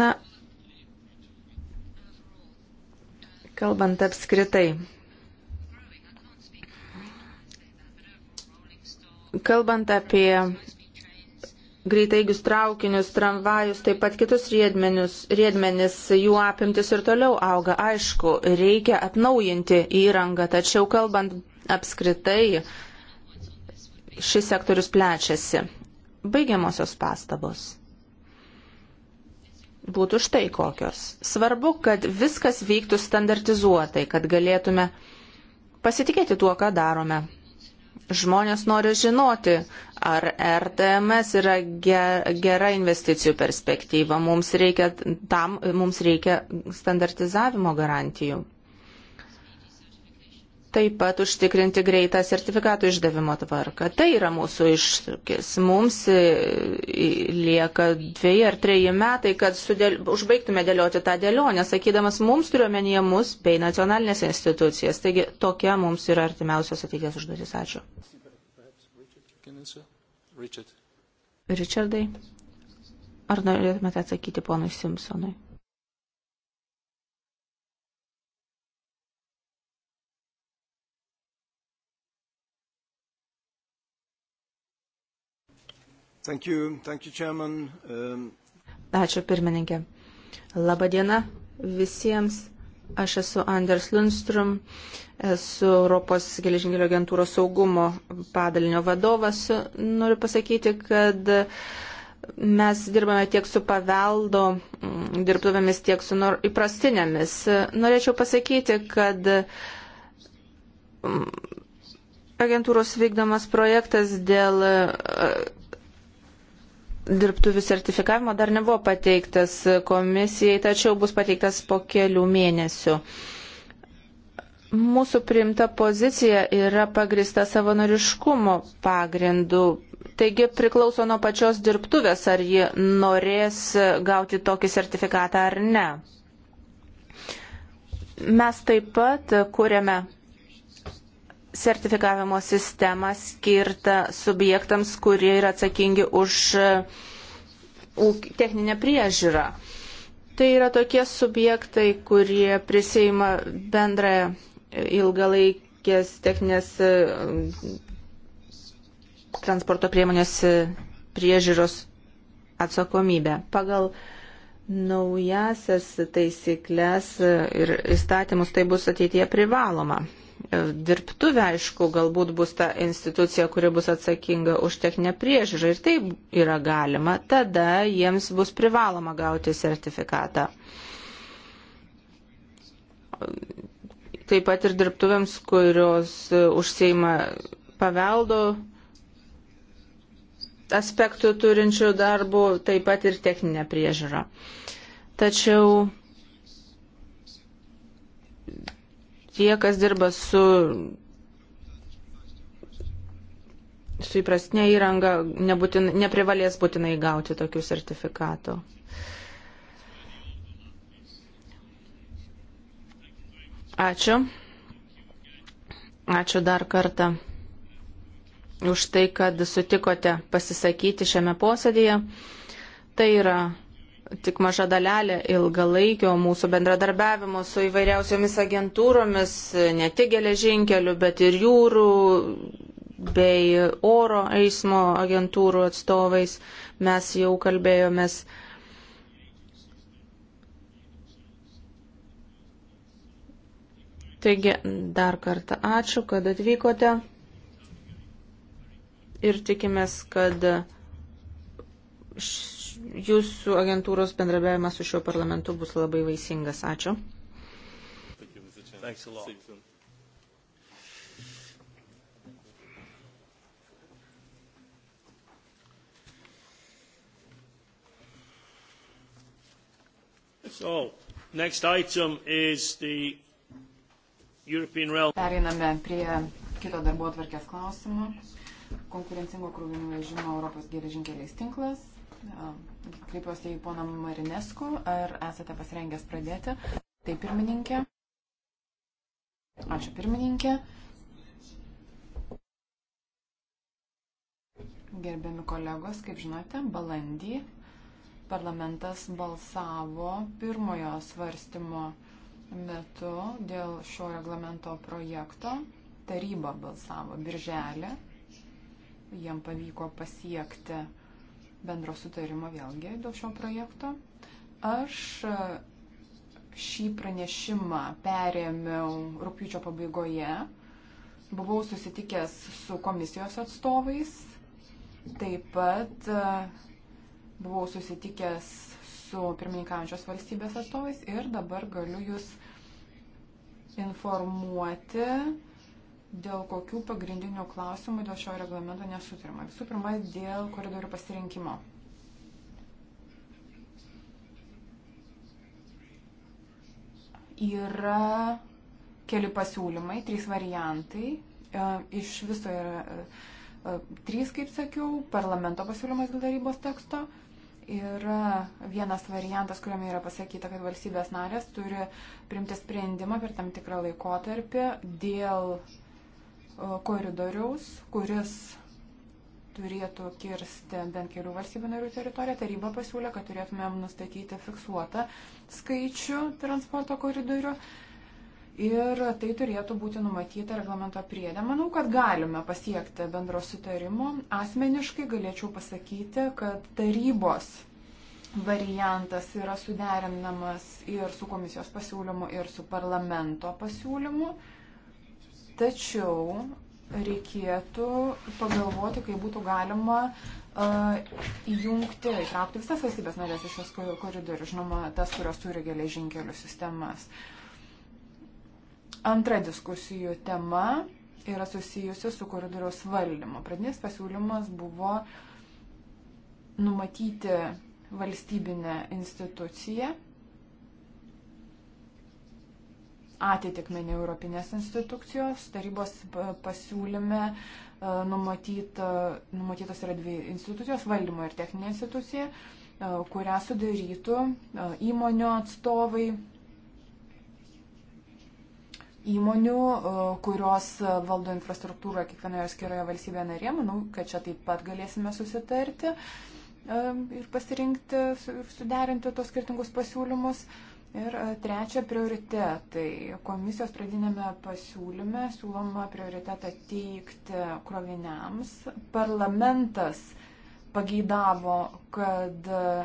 Na, kalbant apskritai, kalbant apie greitaigius traukinius, tramvajus, taip pat kitus riedmenis, riedmenis, jų apimtis ir toliau auga. Aišku, reikia atnaujinti įrangą, tačiau kalbant apskritai, šis sektorius plečiasi. Baigiamosios pastabos. Būtų štai kokios. Svarbu, kad viskas vyktų standartizuotai, kad galėtume pasitikėti tuo, ką darome. Žmonės nori žinoti, ar RTMS yra gera investicijų perspektyva. Mums reikia, tam mums reikia standartizavimo garantijų taip pat užtikrinti greitą sertifikatų išdavimo tvarką. Tai yra mūsų iššūkis. Mums e, lieka dviejai ar treji metai, kad sudėl... užbaigtume dėlioti tą dėlionę, sakydamas mums turiuomenyje mus bei nacionalinės institucijas. Taigi tokia mums yra artimiausios ateities užduotis. Ačiū. Richardai, ar norėtumėte atsakyti ponui Simpsonui? Thank you. Thank you, Chairman. Um... Ačiū pirmininkė. Labadiena visiems. Aš esu Anders Lundstrom, esu Europos geležinkelio agentūros saugumo padalinio vadovas. Noriu pasakyti, kad mes dirbame tiek su paveldo mm, dirbtuvėmis, tiek su nor, įprastinėmis. Norėčiau pasakyti, kad mm, agentūros vykdomas projektas dėl dirbtuvių sertifikavimo dar nebuvo pateiktas komisijai, tačiau bus pateiktas po kelių mėnesių. Mūsų priimta pozicija yra pagrista savanoriškumo pagrindu. Taigi priklauso nuo pačios dirbtuvės, ar ji norės gauti tokį sertifikatą ar ne. Mes taip pat kūrėme sertifikavimo sistemą skirtą subjektams, kurie yra atsakingi už e, techninę priežiūrą. Tai yra tokie subjektai, kurie prisėima bendrąją ilgalaikės techninės e, transporto priemonės e, priežiūros atsakomybę. Pagal naujasias taisyklės ir įstatymus tai bus ateityje privaloma dirbtuvė, aišku, galbūt bus ta institucija, kuri bus atsakinga už techninę priežiūrą ir tai yra galima, tada jiems bus privaloma gauti sertifikatą. Taip pat ir dirbtuvėms, kurios užseima paveldo aspektų turinčių darbų, taip pat ir techninę priežiūrą. Tačiau tie, kas dirba su, su įprastinė įranga, nebūtin, neprivalės būtinai gauti tokių sertifikatų. Ačiū. Ačiū dar kartą už tai, kad sutikote pasisakyti šiame posėdėje. Tai yra tik maža dalelė ilgalaikio mūsų bendradarbiavimo su įvairiausiomis agentūromis, ne tik geležinkeliu, bet ir jūrų bei oro eismo agentūrų atstovais. Mes jau kalbėjomės. Taigi, dar kartą ačiū, kad atvykote ir tikimės, kad jūsų agentūros bendrabiavimas su šiuo parlamentu bus labai vaisingas. Ačiū. Thanks a lot. So, next item is the European Rail. Periname prie kito darbo atvarkės klausimo. Konkurencingo krūvinų vežimo Europos geležinkeliais tinklas. Um, Kreipiuosi į poną Marinesku. Ar esate pasirengęs pradėti? Taip, pirmininkė. Ačiū, pirmininkė. Gerbiami kolegos, kaip žinote, balandį parlamentas balsavo pirmojo svarstymo metu dėl šio reglamento projekto. Taryba balsavo birželį. Jiem pavyko pasiekti bendro sutarimo vėlgi dėl šio projekto. Aš e, šį pranešimą perėmiau rūpiučio pabaigoje. Buvau susitikęs su komisijos atstovais. Taip pat e, buvau susitikęs su pirmininkaujančios valstybės atstovais ir dabar galiu jūs informuoti dėl kokių pagrindinių klausimų dėl šio reglamento nesutarima. Visų pirma, dėl koridorių pasirinkimo. Yra keli pasiūlymai, trys variantai. E, iš viso yra e, e, trys, kaip sakiau, parlamento pasiūlymas dėl darybos teksto. Yra vienas variantas, kuriame yra pasakyta, kad valstybės narės turi primti sprendimą per tam tikrą laikotarpį dėl koridoriaus, kuris turėtų kirsti bent kelių valstybių narių teritoriją. Taryba pasiūlė, kad turėtumėm nustatyti fiksuotą skaičių transporto koridorių. Ir tai turėtų būti numatyta reglamento priedė. Manau, kad galime pasiekti bendro sutarimo. Asmeniškai galėčiau pasakyti, kad tarybos variantas yra suderinamas ir su komisijos pasiūlymu, ir su parlamento pasiūlymu. Uh, Tačiau reikėtų pagalvoti, kaip būtų galima uh, įjungti, įtraukti visas valstybės narės iš šios koridorių, žinoma, tas, kurios turi geležinkelių sistemas. Antra diskusijų tema yra susijusi su koridoriaus valdymu. Pradinis pasiūlymas buvo numatyti valstybinę instituciją atitikmenį Europinės institucijos. Tarybos pasiūlyme e, numatyta, numatytos yra dvi institucijos - valdymo ir techninė institucija, e, kurią sudarytų e, įmonių atstovai, įmonių, kurios valdo infrastruktūrą kiekvienoje skiroje valstybėje narė. Manau, kad čia taip pat galėsime susitarti ir pasirinkti ir suderinti tos skirtingus pasiūlymus. Uh, Ir e, trečia, prioritetai. Komisijos pradinėme pasiūlyme siūloma prioritetą teikti kroviniams. Parlamentas pageidavo, kad e,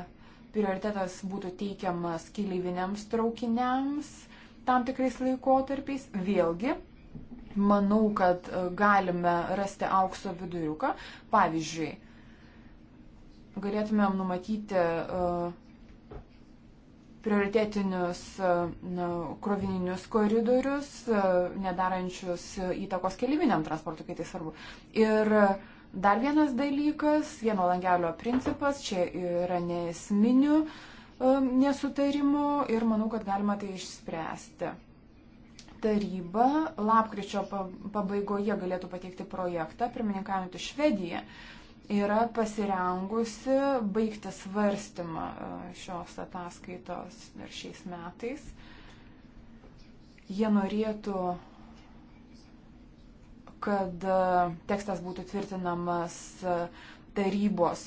prioritetas būtų teikiamas keleiviniams traukiniams tam tikrais laikotarpiais. Vėlgi, manau, kad e, galime rasti aukso viduriuką. Pavyzdžiui, galėtumėm numatyti uh, prioritetinius e, na, krovininius koridorius, e, nedarančius įtakos keliaminiam transportui, kai tai svarbu. Ir dar vienas dalykas, vieno langelio principas, čia yra nesminių e, nesutarimų ir manau, kad galima tai išspręsti. Taryba lapkričio pabaigoje galėtų pateikti projektą, pirmininkaujantį Švediją yra pasirengusi baigti svarstymą e, šios ataskaitos ir šiais metais. Jie norėtų, kad e, tekstas būtų tvirtinamas e, tarybos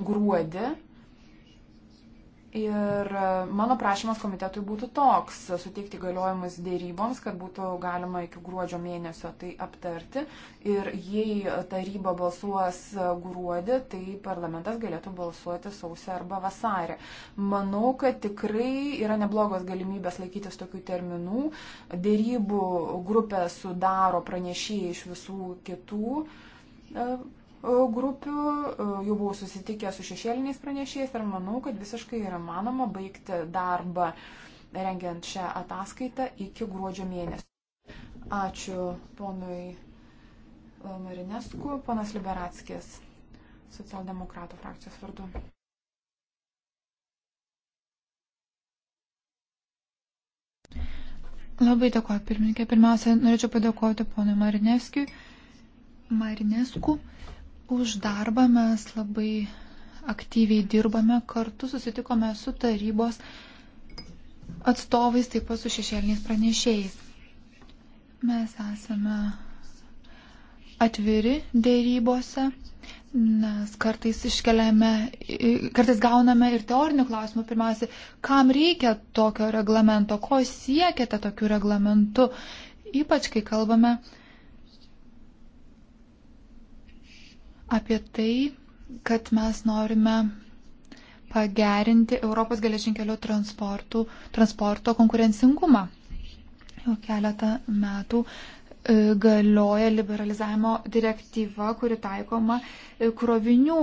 gruodį Ir e, mano prašymas komitetui būtų toks - suteikti galiojimus dėryboms, kad būtų galima iki gruodžio mėnesio tai aptarti. Ir jei taryba balsuos gruodį, tai parlamentas galėtų balsuoti sausio arba vasarį. Manau, kad tikrai yra neblogos galimybės laikytis tokių terminų. Dėrybų grupę sudaro pranešėjai iš visų kitų e, E, grupių, e, jau buvau susitikę su šešėliniais pranešėjais ir manau, kad visiškai yra manoma baigti darbą rengiant šią ataskaitą iki gruodžio mėnesio. Ačiū ponui e, Marinesku, ponas Liberatskis, socialdemokratų frakcijos vardu. Labai dėkoju, pirmininkė. Pirmiausia, norėčiau padėkoti ponui Marineskiui, Marinesku. Marinesku už darbą. Mes labai aktyviai dirbame. Kartu susitikome su tarybos atstovais, taip pat su šešėliniais pranešėjais. Mes esame atviri dėrybose, nes kartais iškeliame, kartais gauname ir teorinių klausimų. Pirmiausia, kam reikia tokio reglamento, ko siekiate tokiu reglamentu, ypač kai kalbame apie tai, kad mes norime pagerinti Europos geležinkelio transporto konkurencingumą. Jau keletą metų e, galioja liberalizavimo direktyva, kuri taikoma e, krovinių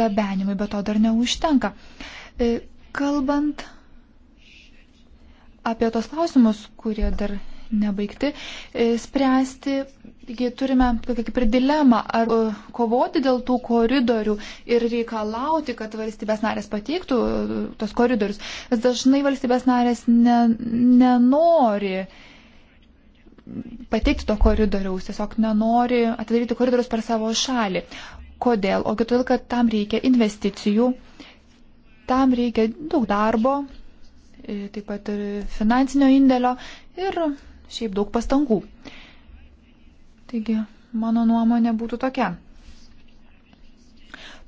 gabenimui, bet to dar neužtenka. E, kalbant apie tos klausimus, kurie dar nebaigti, e, spręsti, taigi turime tokią kaip ir dilemą, ar e, kovoti dėl tų koridorių ir reikalauti, kad valstybės narės pateiktų e, tos koridorius. Nes dažnai valstybės narės ne, nenori pateikti to koridoriaus, tiesiog nenori atidaryti koridorius per savo šalį. Kodėl? Ogi todėl, kad tam reikia investicijų, tam reikia daug darbo, taip pat ir finansinio indėlio ir šiaip daug pastangų. Taigi, mano nuomonė būtų tokia.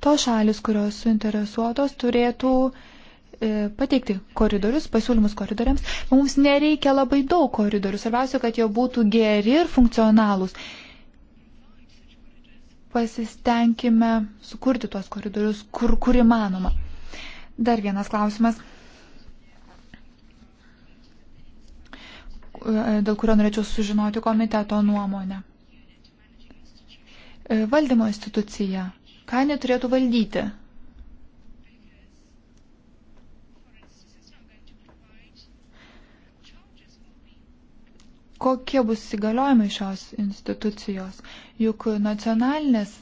To šalis, kurios suinteresuotos, turėtų e, pateikti koridorius, pasiūlymus koridoriams. Mums nereikia labai daug koridorių. Svarbiausia, kad jie būtų geri ir funkcionalūs. Pasistengime sukurti tuos koridorius, kur, kur įmanoma. Dar vienas klausimas. dėl kurio norėčiau sužinoti komiteto nuomonę. E, valdymo institucija. Ką neturėtų valdyti? Kokie bus įgaliojimai šios institucijos? Juk nacionalinės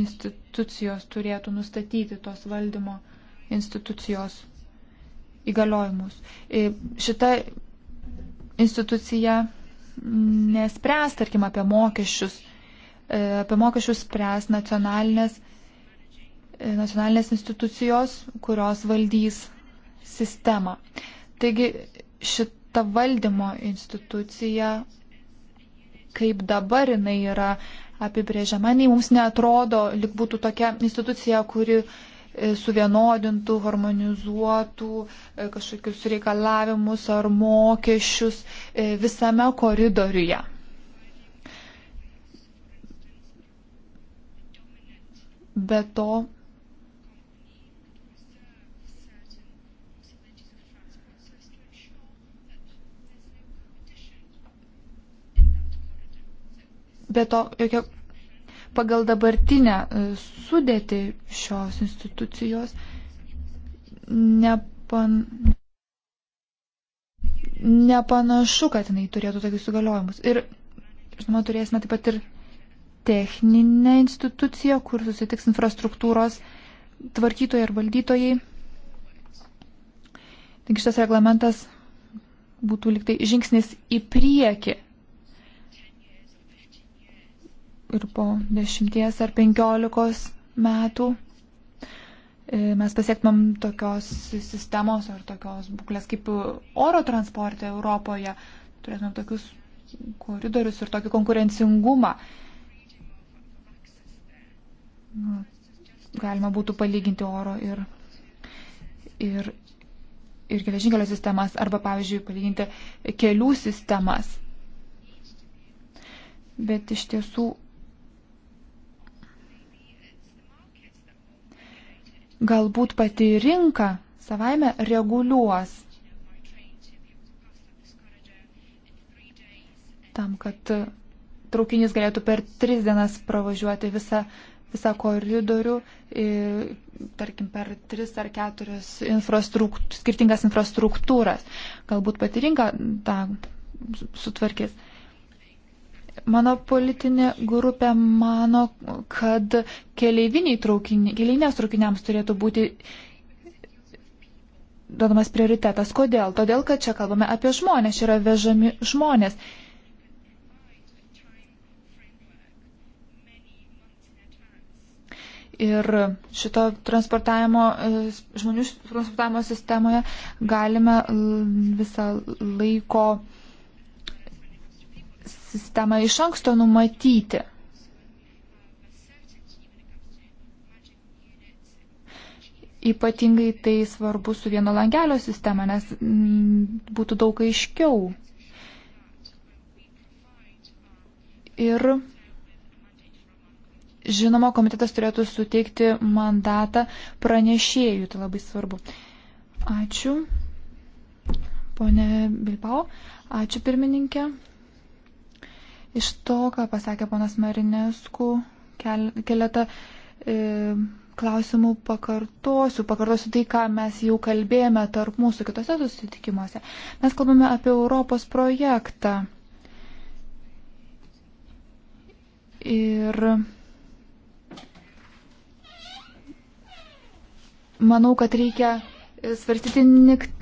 institucijos turėtų nustatyti tos valdymo institucijos įgaliojimus. E, šita institucija nespręs, tarkim, apie mokesčius. E, apie mokesčius spręs nacionalinės, e, nacionalinės institucijos, kurios valdys sistemą. Taigi šita valdymo institucija, kaip dabar jinai yra apibrėžiama, nei mums netrodo, lik būtų tokia institucija, kuri uh, E, suvienodintų, harmonizuotų e, kažkokius reikalavimus ar mokesčius e, visame koridoriuje. Be to, be to, jokia pagal dabartinę e, sudėtį šios institucijos nepan... nepanašu, kad jinai turėtų tokius įgaliojimus. Ir, žinoma, turėsime taip pat ir techninę instituciją, kur susitiks infrastruktūros tvarkytojai ir valdytojai. Taigi šitas reglamentas būtų liktai žingsnis į priekį ir po dešimties ar penkiolikos metų e, mes pasiektumėm tokios sistemos ar tokios būklės kaip oro transporte Europoje, turėtumėm tokius koridorius ir tokį konkurencingumą. Nu, galima būtų palyginti oro ir, ir, ir geležinkelio sistemas arba, pavyzdžiui, palyginti kelių sistemas. Bet iš tiesų Galbūt pati rinka savaime reguliuos tam, kad traukinys galėtų per tris dienas pravažiuoti visą, visą koridorių, ir, tarkim, per tris ar keturias infrastrukt, skirtingas infrastruktūras. Galbūt pati rinka tą sutvarkys. Mano politinė grupė mano, kad keleiviniai traukiniai, keleinės traukiniams turėtų būti duodamas prioritetas. Kodėl? Todėl, kad čia kalbame apie žmonės, čia yra vežami žmonės. Ir šito transportavimo, žmonių transportavimo sistemoje galime mm, visą laiko sistemą iš anksto numatyti. Ypatingai tai svarbu su vieno langelio sistema, nes m, mm, būtų daug aiškiau. Ir žinoma, komitetas turėtų suteikti mandatą pranešėjų, tai labai svarbu. Ačiū. Pone Bilbao, ačiū pirmininkė. Iš to, ką pasakė ponas Marinesku, keletą e, klausimų pakartosiu. Pakartosiu tai, ką mes jau kalbėjome tarp mūsų kitose susitikimuose. Mes kalbame apie Europos projektą. Ir manau, kad reikia svarstyti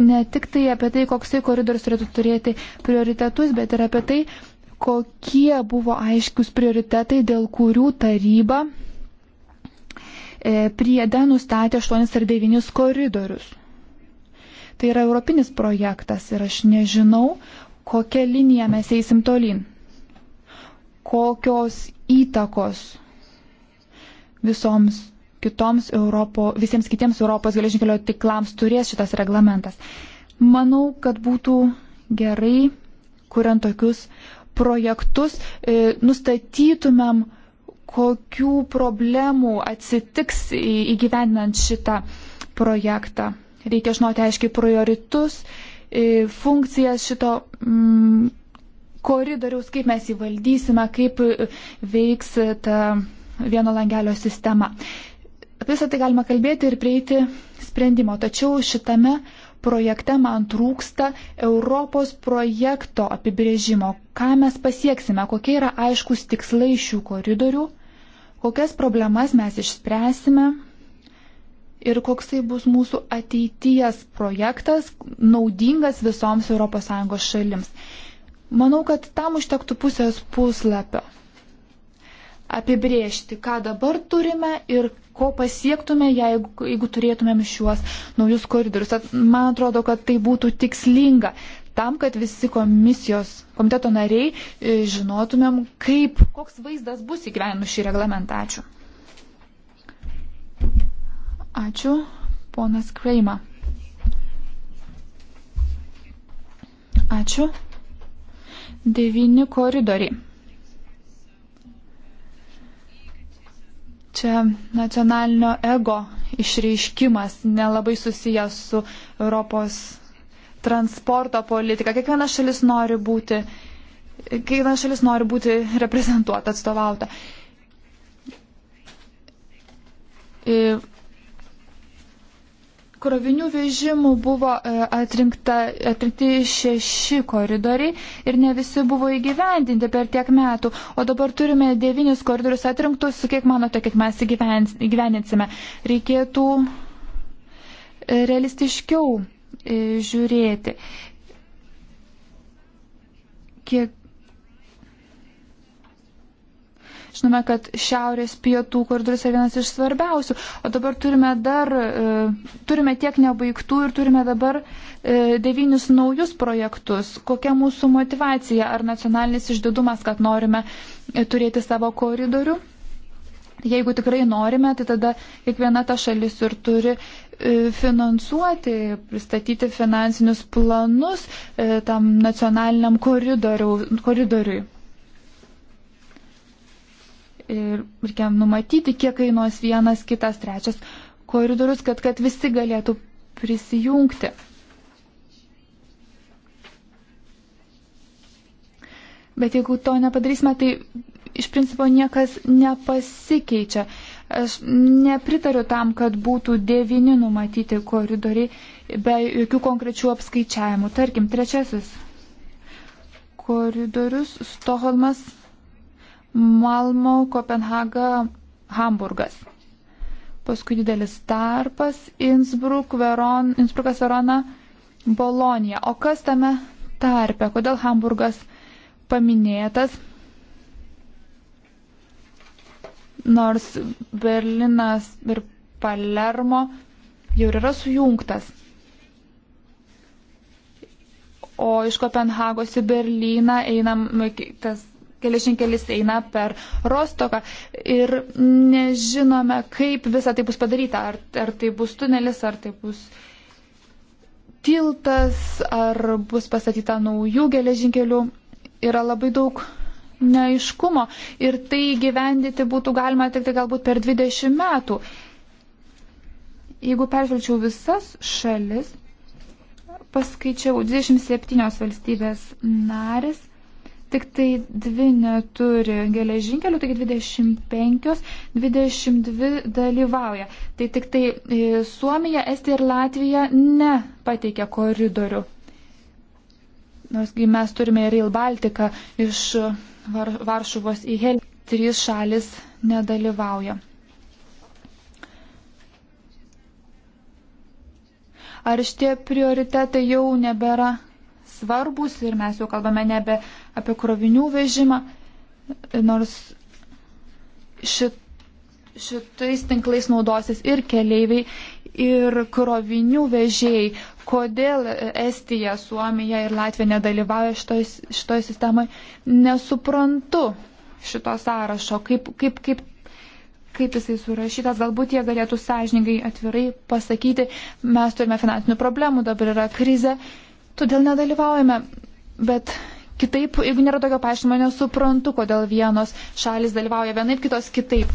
ne tik tai apie tai, koksai koridorius turėtų turėti prioritetus, bet ir apie tai, kokie buvo aiškus prioritetai, dėl kurių taryba e, priede nustatė 8 ar 9 koridorius. Tai yra europinis projektas ir aš nežinau, kokią liniją mes eisim tolin, kokios įtakos visoms kitoms Europo, visiems kitiems Europos geležinkelio tiklams turės šitas reglamentas. Manau, kad būtų gerai, kuriant tokius projektus, e, nustatytumėm, kokių problemų atsitiks įgyvendinant šitą projektą. Reikia žinoti aiškiai prioritus, e, funkcijas šito mm, koridoriaus, kaip mes jį valdysime, kaip e, veiks ta vieno langelio sistema. Apie visą tai galima kalbėti ir prieiti sprendimo, tačiau šitame projekte man trūksta Europos projekto apibrėžimo, ką mes pasieksime, kokie yra aiškus tikslai šių koridorių, kokias problemas mes išspręsime ir koksai bus mūsų ateities projektas naudingas visoms ES šalims. Manau, kad tam užtektų pusės puslapio apibriežti, ką dabar turime ir ko pasiektume, jeigu, jeigu turėtumėm šiuos naujus koridorius. At, man atrodo, kad tai būtų tikslinga tam, kad visi komisijos komiteto nariai e, žinotumėm, kaip, koks vaizdas bus įgyvenus šį reglamentą. Ačiū. Ačiū, ponas Kreima. Ačiū. Devini koridoriai. čia nacionalinio ego išreiškimas, nelabai susijęs su Europos transporto politika. Kiekviena šalis nori būti, kiekviena šalis nori būti reprezentuota, atstovauta. Krovinių vežimų buvo e, atrinkta, atrinkti šeši koridoriai ir ne visi buvo įgyvendinti per tiek metų, o dabar turime devynis koridorius atrinktus, kiek manote, kiek mes įgyvendinsime. Reikėtų e, realistiškiau e, žiūrėti, kiek Žinome, kad šiaurės pietų koridorius yra vienas iš svarbiausių, o dabar turime dar, e, turime tiek nebaigtų ir turime dabar e, devynis naujus projektus. Kokia mūsų motivacija? Ar nacionalinis išdidumas, kad norime e, turėti savo koridorių? Jeigu tikrai norime, tai tada kiekviena ta šalis ir turi finansuoti, pristatyti finansinius planus tam nacionaliniam koridoriui ir reikia numatyti, kiek kainuos vienas, kitas, trečias koridorius, kad, kad visi galėtų prisijungti. Bet jeigu to nepadarysime, tai iš principo niekas nepasikeičia. Aš nepritariu tam, kad būtų devini numatyti koridoriai be jokių konkrečių apskaičiavimų. Tarkim, trečiasis koridorius Stoholmas Malmo, Kopenhaga, Hamburgas. Paskui didelis tarpas Innsbruck, Veron, Innsbruckas, Verona, Bolonija. O kas tame tarpe? Kodėl Hamburgas paminėtas? Nors Berlinas ir Palermo jau yra sujungtas o iš Kopenhagos į Berliną einam, tas geležinkelis eina per Rostoką ir nežinome, kaip visa tai bus padaryta. Ar, ar tai bus tunelis, ar tai bus tiltas, ar bus pastatyta naujų geležinkelių. Yra labai daug neaiškumo ir tai gyvendyti būtų galima tik tai galbūt per 20 metų. Jeigu peržvelgčiau visas šalis, paskaičiau 27 valstybės narės tik tai dvi neturi geležinkelių, taigi 25, 22 dalyvauja. Tai tik tai e, Suomija, Estija ir Latvija nepateikia koridorių. Norsgi mes turime Rail Baltica iš Var Varšuvos į Helį. Trys šalis nedalyvauja. Ar šitie prioritetai jau nebėra svarbus ir mes jau kalbame nebe apie krovinių vežimą, nors šit, šitais tinklais naudosis ir keleiviai, ir krovinių vežėjai. Kodėl Estija, Suomija ir Latvija nedalyvauja šitoj, šitoj sistemai, nesuprantu šito sąrašo, kaip, kaip, kaip kaip jisai surašytas, galbūt jie galėtų sąžiningai atvirai pasakyti, mes turime finansinių problemų, dabar yra krize, Todėl nedalyvaujame. Bet kitaip, jeigu nėra tokio paaiškinimo, nesuprantu, kodėl vienos šalis dalyvauja vienaip, kitos kitaip.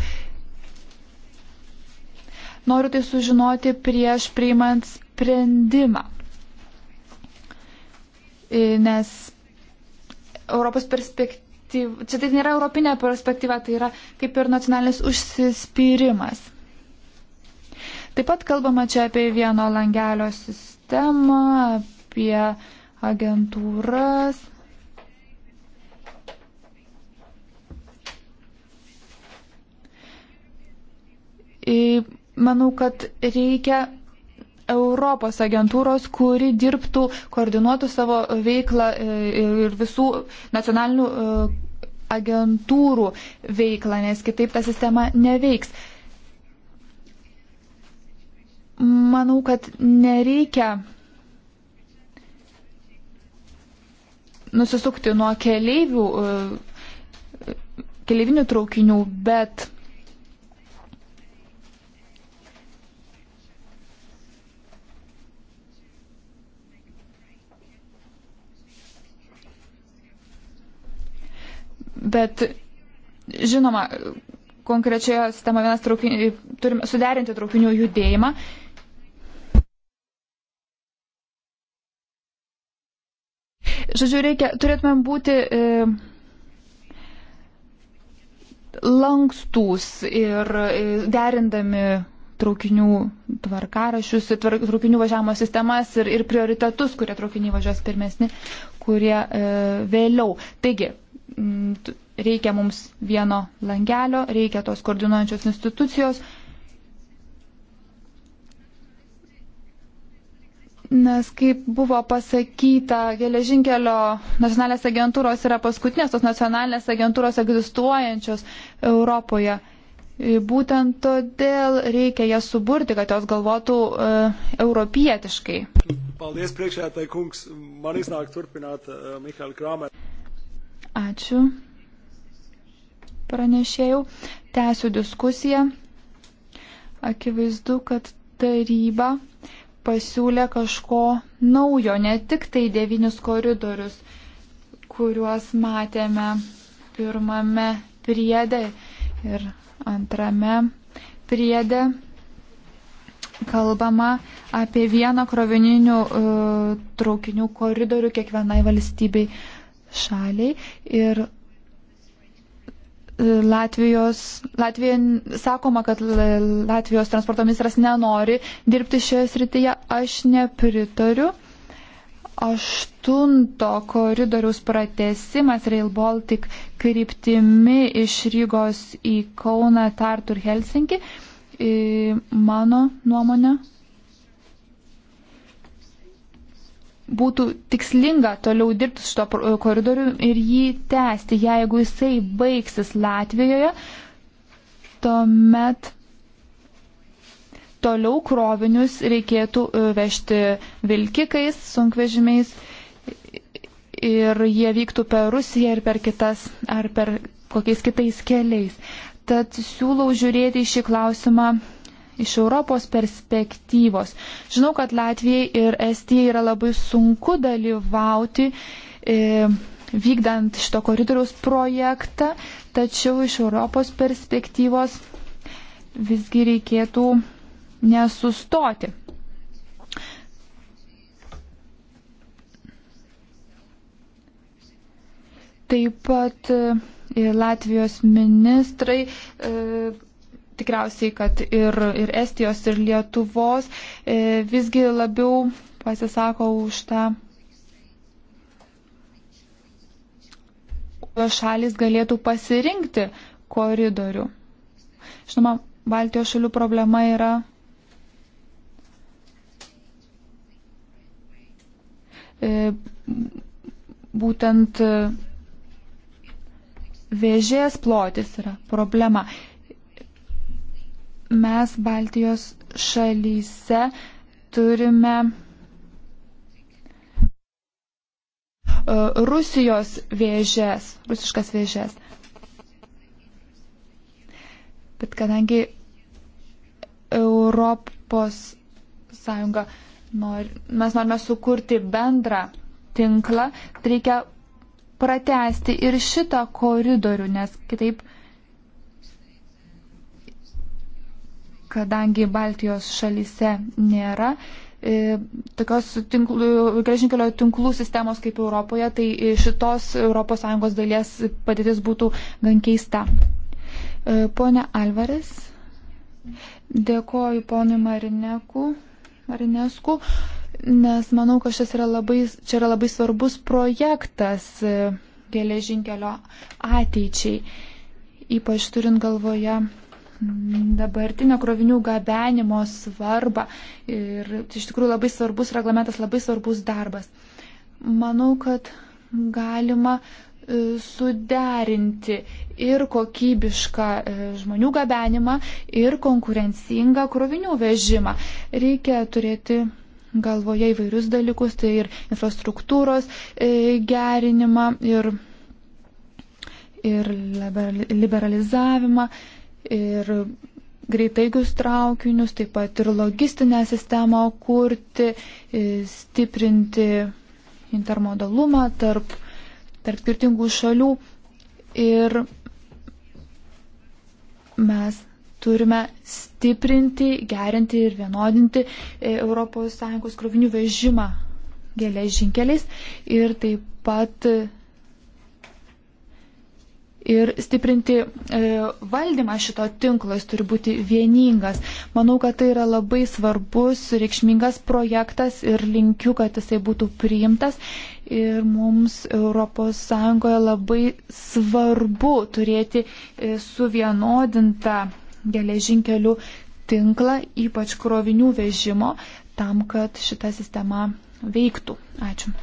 Noriu tai sužinoti prieš priimant sprendimą. E, nes Europos perspektyva, čia tai nėra europinė perspektyva, tai yra kaip ir nacionalinis užsispyrimas. Taip pat kalbama čia apie vieno langelio sistemą, apie agentūras. Manau, kad reikia Europos agentūros, kuri dirbtų, koordinuotų savo veiklą e, ir visų nacionalinių e, agentūrų veiklą, nes kitaip ta sistema neveiks. Manau, kad nereikia nusisukti nuo keleivių, keleivinių traukinių, bet Bet žinoma, konkrečioje sistemoje vienas traukinių, turime suderinti traukinių judėjimą Žodžiu, reikia, turėtumėm būti e, lankstus ir e, derindami traukinių tvarkarašius, traukinių važiavimo sistemas ir, ir prioritetus, kurie traukiniai važiuos pirmesni, kurie e, vėliau. Taigi, m, reikia mums vieno langelio, reikia tos koordinuojančios institucijos, Nes kaip buvo pasakyta, geležinkelio nacionalinės agentūros yra paskutinės tos nacionalinės agentūros egzistuojančios Europoje. Būtent todėl reikia jas suburti, kad jos galvotų e, europietiškai. Paldies priekšėtai, kungs. Man įsnak turpinat, e, Michael Kramer. Ačiū. Pranešėjau. Tęsiu diskusiją. Akivaizdu, kad taryba pasiūlė kažko naujo, ne tik tai devynis koridorius, kuriuos matėme pirmame priedė ir antrame priedė. Kalbama apie vieną krovininių e, traukinių koridorių kiekvienai valstybei šaliai ir Latvijos, Latvija, sakoma, kad Latvijos transporto ministras nenori dirbti šioje srityje, aš nepritariu. Aštunto koridoriaus pratesimas Rail Baltic kryptimi iš Rygos į Kauną, Tartu ir Helsinki, mano nuomonė, būtų tikslinga toliau dirbti su šito koridoriu ir jį tęsti. Jeigu jisai baigsis Latvijoje, tuomet toliau krovinius reikėtų e, vežti vilkikais, sunkvežimiais ir jie vyktų per Rusiją ir per kitas ar per kokiais kitais keliais. Tad siūlau žiūrėti į šį klausimą iš Europos perspektyvos. Žinau, kad Latvijai ir Estijai yra labai sunku dalyvauti. E, vykdant šito koridoriaus projektą, tačiau iš Europos perspektyvos visgi reikėtų nesustoti. Taip pat ir e, Latvijos ministrai e, tikriausiai, kad ir, ir Estijos, ir Lietuvos e, visgi labiau pasisako už tą. šalis galėtų pasirinkti koridorių. Žinoma, Baltijos šalių problema yra e, būtent vėžės plotis yra problema mes Baltijos šalyse turime e, Rusijos vėžės, rusiškas vėžės. Bet kadangi Europos Sąjunga nori, mes norime sukurti bendrą tinklą, tai reikia pratesti ir šitą koridorių, nes kitaip kadangi Baltijos šalyse nėra e, tokios tinklų, geležinkelio tinklų sistemos kaip Europoje, tai šitos ES dalies padėtis būtų gan keista. E, pone Alvarės, dėkoju ponui Marineku, Marinesku, nes manau, kad šis yra labai, čia yra labai svarbus projektas e, geležinkelio ateičiai, ypač turint galvoje dabartinio krovinių gabenimo svarbą. Ir iš tikrųjų labai svarbus reglamentas, labai svarbus darbas. Manau, kad galima e, suderinti ir kokybišką e, žmonių gabenimą, ir konkurencingą krovinių vežimą. Reikia turėti galvoje įvairius dalykus, tai ir infrastruktūros e, gerinimą, ir, ir liberalizavimą ir greitaigius traukinius, taip pat ir logistinę sistemą kurti, e, stiprinti intermodalumą tarp, tarp skirtingų šalių. Ir mes turime stiprinti, gerinti ir vienodinti ES krovinių vežimą geležinkeliais ir taip pat ir stiprinti e, valdymą šito tinklo, jis turi būti vieningas. Manau, kad tai yra labai svarbus, reikšmingas projektas ir linkiu, kad jisai būtų priimtas. Ir mums ES labai svarbu turėti e, suvienodintą geležinkelių tinklą, ypač krovinių vežimo, tam, kad šita sistema veiktų. Ačiū.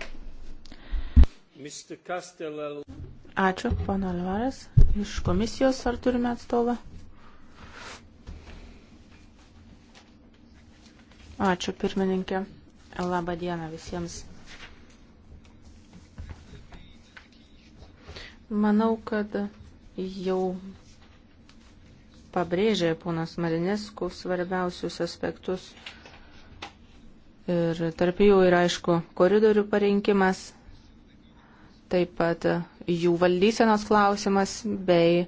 Ačiū, pana Alvaras. Iš komisijos ar turime atstovą? Ačiū, pirmininkė. Labą dieną visiems. Manau, kad jau pabrėžė ponas Marinesku svarbiausius aspektus. Ir tarp jų yra aišku koridorių parinkimas, taip pat e, jų valdysenos klausimas bei e,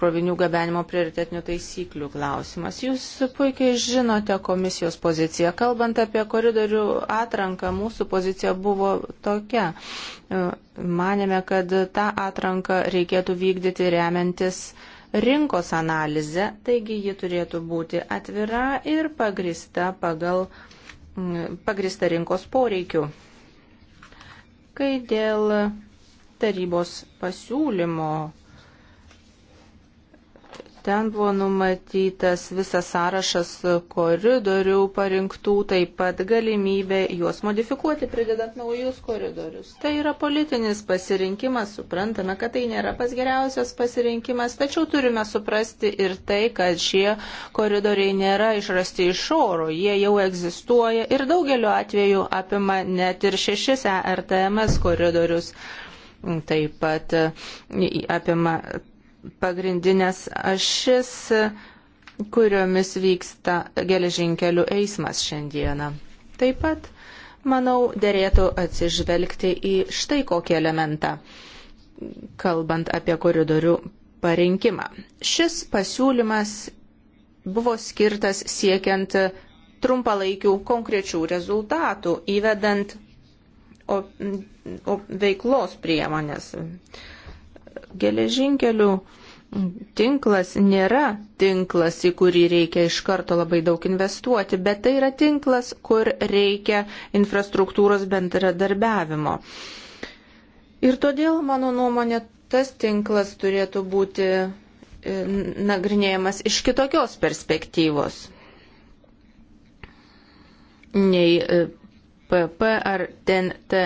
krovinių gabenimo prioritetinių taisyklių klausimas. Jūs puikiai žinote komisijos poziciją. Kalbant apie koridorių atranką, mūsų pozicija buvo tokia. E, manėme, kad tą atranką reikėtų vykdyti remiantis rinkos analizę, taigi ji turėtų būti atvira ir pagrista pagal pagrista rinkos poreikių. Kai dėl tarybos pasiūlymo Ten buvo numatytas visas sąrašas koridorių parinktų, taip pat galimybė juos modifikuoti, pridedant naujus koridorius. Tai yra politinis pasirinkimas, suprantame, kad tai nėra pas geriausias pasirinkimas, tačiau turime suprasti ir tai, kad šie koridoriai nėra išrasti iš oro, jie jau egzistuoja ir daugeliu atveju apima net ir šešis ERTMS koridorius taip pat apima pagrindinės ašis, kuriomis vyksta geležinkelių eismas šiandieną. Taip pat, manau, dėrėtų atsižvelgti į štai kokį elementą, kalbant apie koridorių parinkimą. Šis pasiūlymas buvo skirtas siekiant trumpalaikių konkrečių rezultatų, įvedant op, op, veiklos priemonės. Uh, geležinkelių tinklas nėra tinklas, į kurį reikia iš karto labai daug investuoti, bet tai yra tinklas, kur reikia infrastruktūros bendradarbiavimo. Ir todėl, mano nuomonė, tas tinklas turėtų būti e, nagrinėjamas iš kitokios perspektyvos nei PP e, ar TNT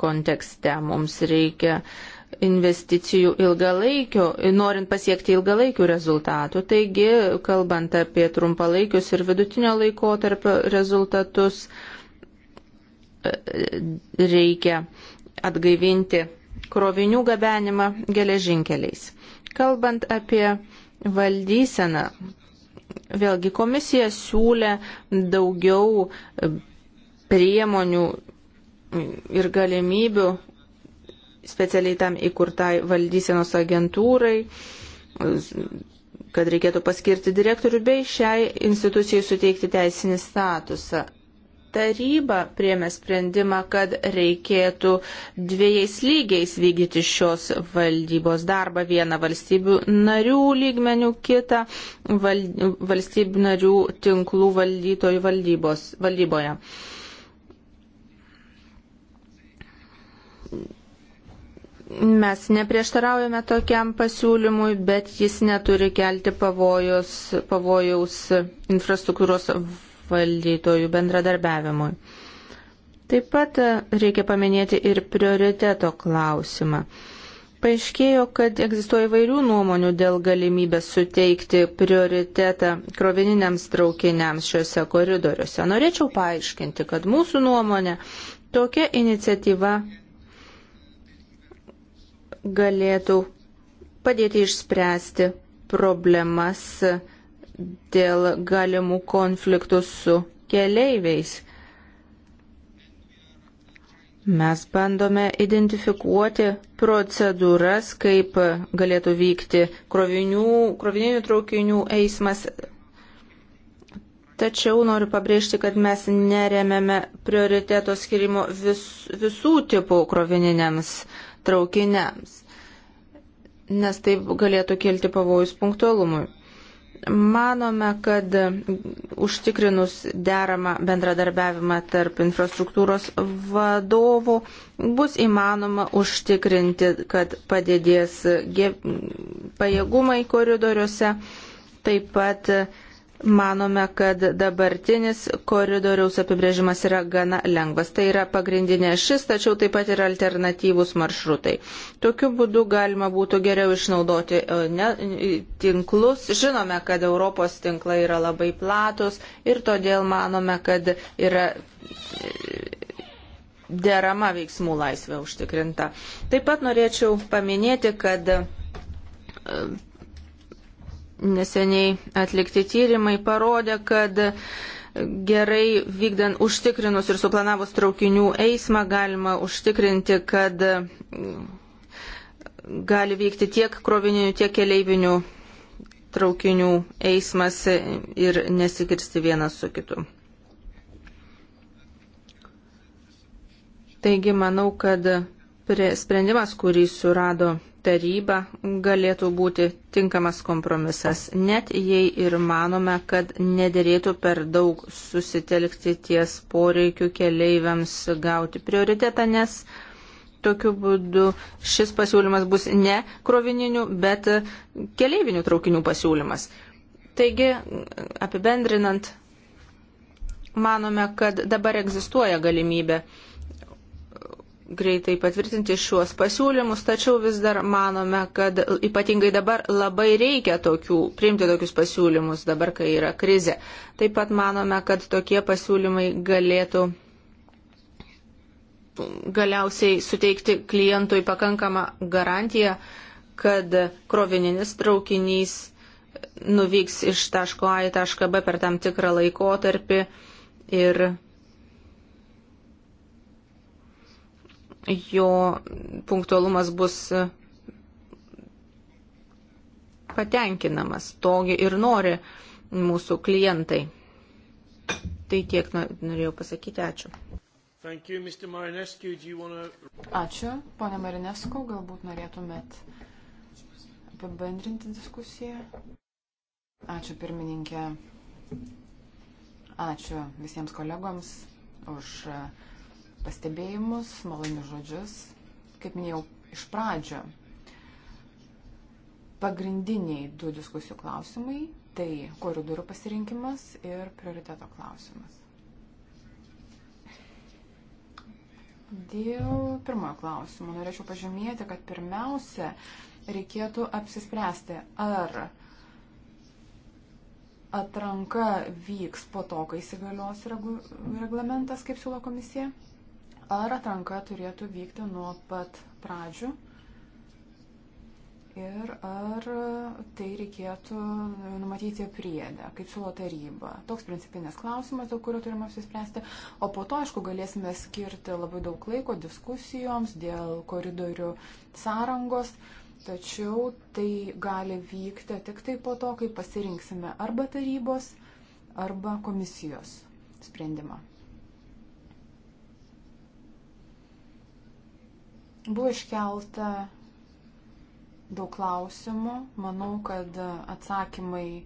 kontekste. Mums reikia uh, investicijų ilgalaikių, norint pasiekti ilgalaikių rezultatų. Taigi, kalbant apie trumpalaikius ir vidutinio laiko tarp rezultatus, reikia atgaivinti krovinių gabenimą geležinkeliais. Kalbant apie valdyseną, vėlgi komisija siūlė daugiau priemonių ir galimybių specialiai tam įkurtai valdysenos agentūrai, kad reikėtų paskirti direktorių bei šiai institucijai suteikti teisinį statusą. Taryba priemė sprendimą, kad reikėtų dviejais lygiais vykdyti šios valdybos darbą, vieną valstybių narių lygmenių, kitą val, valstybių narių tinklų valdytojų valdybos, valdyboje. Mes neprieštaraujame tokiam pasiūlymui, bet jis neturi kelti pavojus, pavojaus infrastruktūros valdytojų bendradarbiavimui. Taip pat e, reikia paminėti ir prioriteto klausimą. Paaiškėjo, kad egzistuoja įvairių nuomonių dėl galimybės suteikti prioritetą krovininiams traukiniams šiuose koridoriuose. Norėčiau paaiškinti, kad mūsų nuomonė tokia iniciatyva galėtų padėti išspręsti problemas dėl galimų konfliktų su keleiviais. Mes bandome identifikuoti procedūras, kaip galėtų vykti krovinių, krovininių traukinių eismas. Tačiau noriu pabrėžti, kad mes neremėme prioriteto skirimo vis, visų tipų krovininiams uh, traukiniams, nes taip galėtų kilti pavojus punktualumui. Manome, kad užtikrinus deramą bendradarbiavimą tarp infrastruktūros vadovų bus įmanoma užtikrinti, kad padėdės pajėgumai koridoriuose, taip pat Manome, kad dabartinis koridoriaus apibrėžimas yra gana lengvas. Tai yra pagrindinė šis, tačiau taip pat yra alternatyvūs maršrutai. Tokiu būdu galima būtų geriau išnaudoti e, ne, e, tinklus. Žinome, kad Europos tinklai yra labai platus ir todėl manome, kad yra e, derama veiksmų laisvė užtikrinta. Taip pat norėčiau paminėti, kad Neseniai atlikti tyrimai parodė, kad gerai vykdant užtikrinus ir suplanavus traukinių eismą galima užtikrinti, kad gali vykti tiek krovininių, tiek keleivinių traukinių eismas ir nesikirsti vienas su kitu. Taigi manau, kad sprendimas, kurį surado taryba galėtų būti tinkamas kompromisas, net jei ir manome, kad nederėtų per daug susitelkti ties poreikiu keleiviams gauti prioritetą, nes tokiu būdu šis pasiūlymas bus ne krovininių, bet keleivinių traukinių pasiūlymas. Taigi, apibendrinant, manome, kad dabar egzistuoja galimybė greitai patvirtinti šiuos pasiūlymus, tačiau vis dar manome, kad ypatingai dabar labai reikia tokių, priimti tokius pasiūlymus dabar, kai yra krizė. Taip pat manome, kad tokie pasiūlymai galėtų galiausiai suteikti klientui pakankamą garantiją, kad krovininis traukinys nuvyks iš taško A į tašką B per tam tikrą laikotarpį ir jo punktualumas bus patenkinamas. Togi ir nori mūsų klientai. Tai tiek nu, norėjau pasakyti. Ačiū. You, wanna... Ačiū, ponė Marinesku, galbūt norėtumėt apibendrinti diskusiją. Ačiū pirmininkė. Ačiū visiems kolegoms už uh, pastebėjimus, malonius žodžius, kaip minėjau iš pradžio. Pagrindiniai du diskusijų klausimai - tai koridorių pasirinkimas ir prioriteto klausimas. Dėl pirmojo klausimo norėčiau pažymėti, kad pirmiausia reikėtų apsispręsti, ar atranka vyks po to, kai įsigalios regu, reglamentas, kaip siūlo komisija ar atranka turėtų vykti nuo pat pradžių ir ar tai reikėtų numatyti priedę, kaip siūlo taryba. Toks principinės klausimas, dėl kurio turime apsispręsti. O po to, aišku, galėsime skirti labai daug laiko diskusijoms dėl koridorių sąrangos. Tačiau tai gali vykti tik tai po to, kai pasirinksime arba tarybos, arba komisijos sprendimą. Buvo iškelta daug klausimų. Manau, kad atsakymai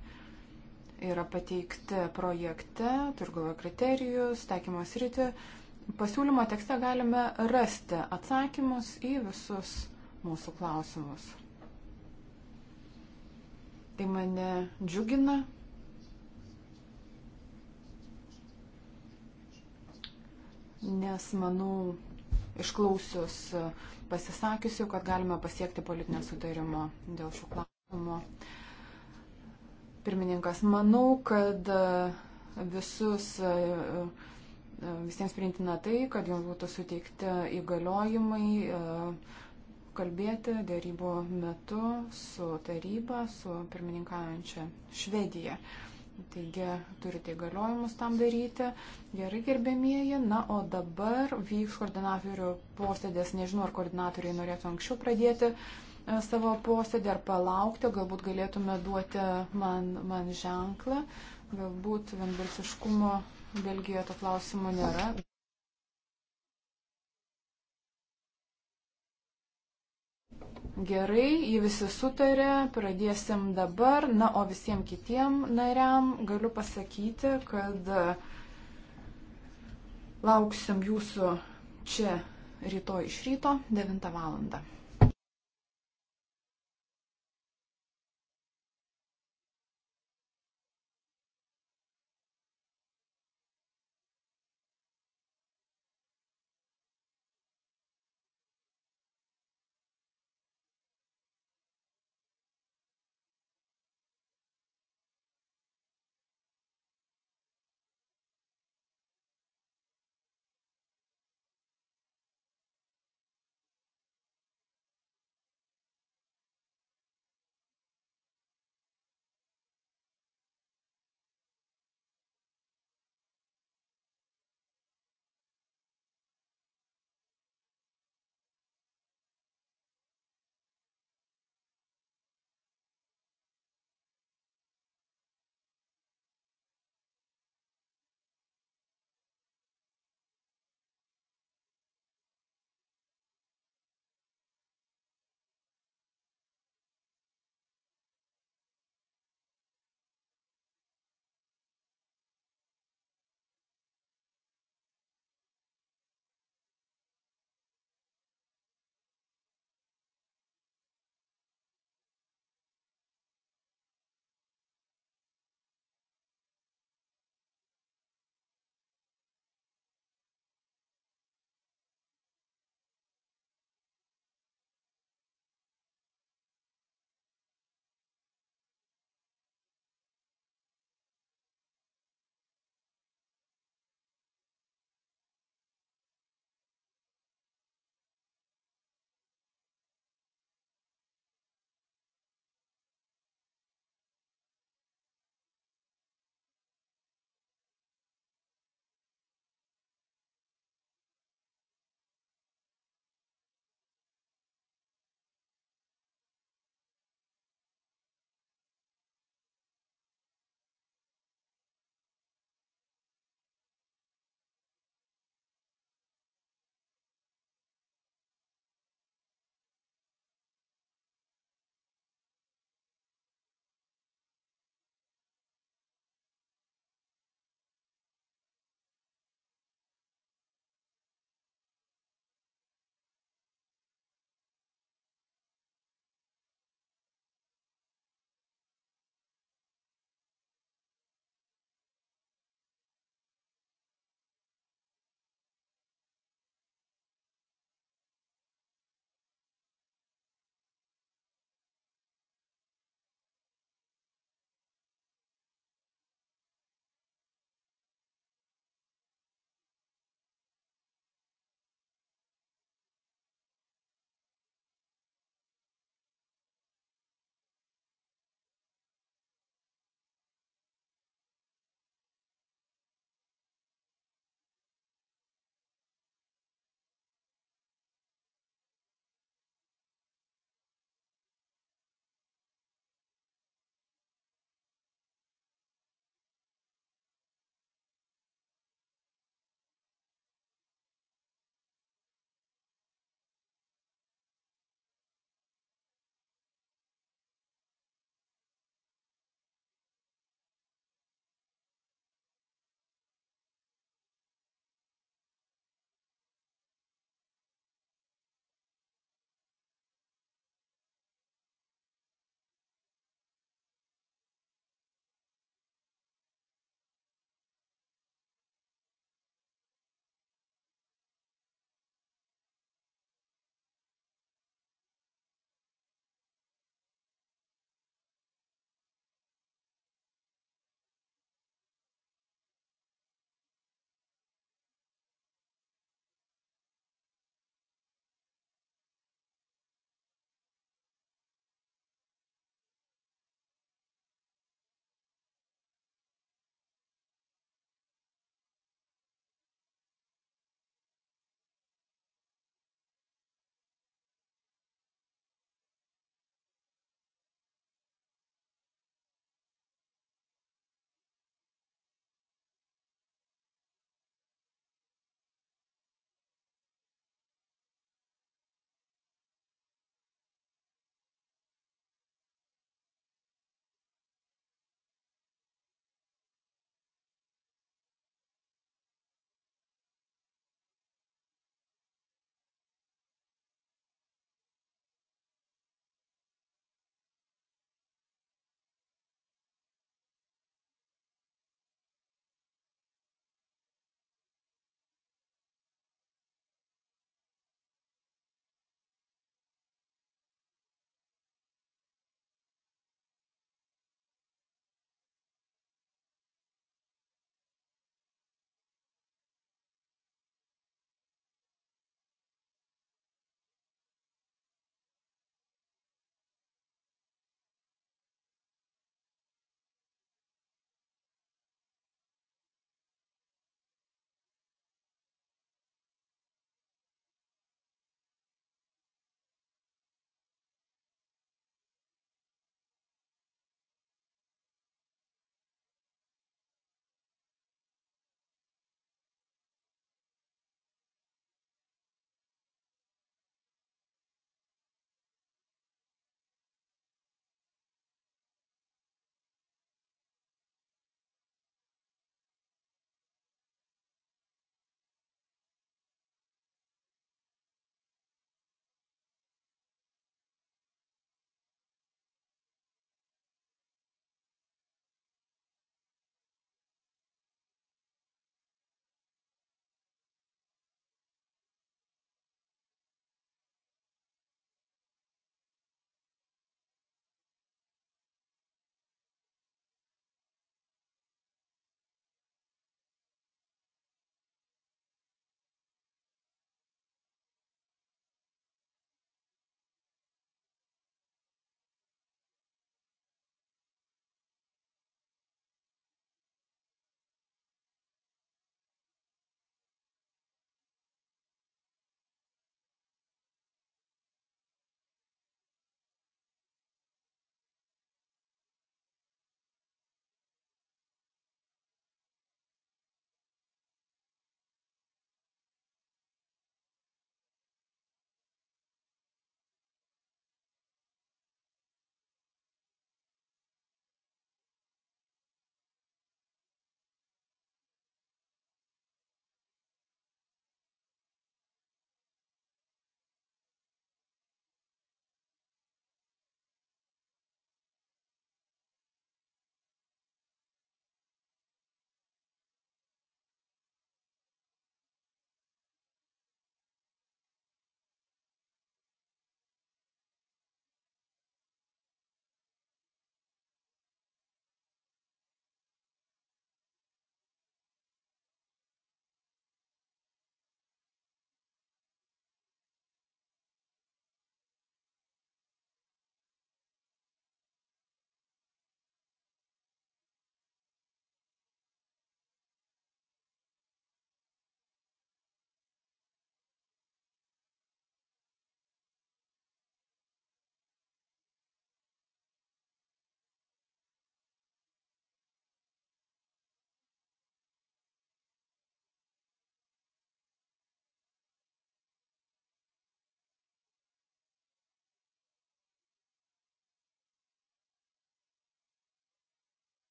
yra pateikti projekte, turgojo kriterijus, taikymos rytį. Pasiūlymo tekste galime rasti atsakymus į visus mūsų klausimus. Tai mane džiugina. Nes manau, išklausius pasisakiusių, kad galime pasiekti politinio sutarimo dėl šių klausimų. Pirmininkas, manau, kad e, visus, e, e, visiems priimtina tai, kad jums būtų suteikti įgaliojimai kalbėti dėrybų metu su taryba, su pirmininkaujančia Švedija. Taigi turite įgaliojimus tam daryti. Gerai, gerbėmieji. Na, o dabar vyks koordinatorių posėdės. Nežinau, ar koordinatoriai norėtų anksčiau pradėti e, savo posėdį ar palaukti. Galbūt galėtume duoti man, man ženklą. Galbūt vienbalsiškumo Belgijoje to klausimo nėra. Gerai, jį visi sutarė, pradėsim dabar, na, o visiems kitiem nariam galiu pasakyti, kad lauksim jūsų čia rytoj iš ryto 9 valandą.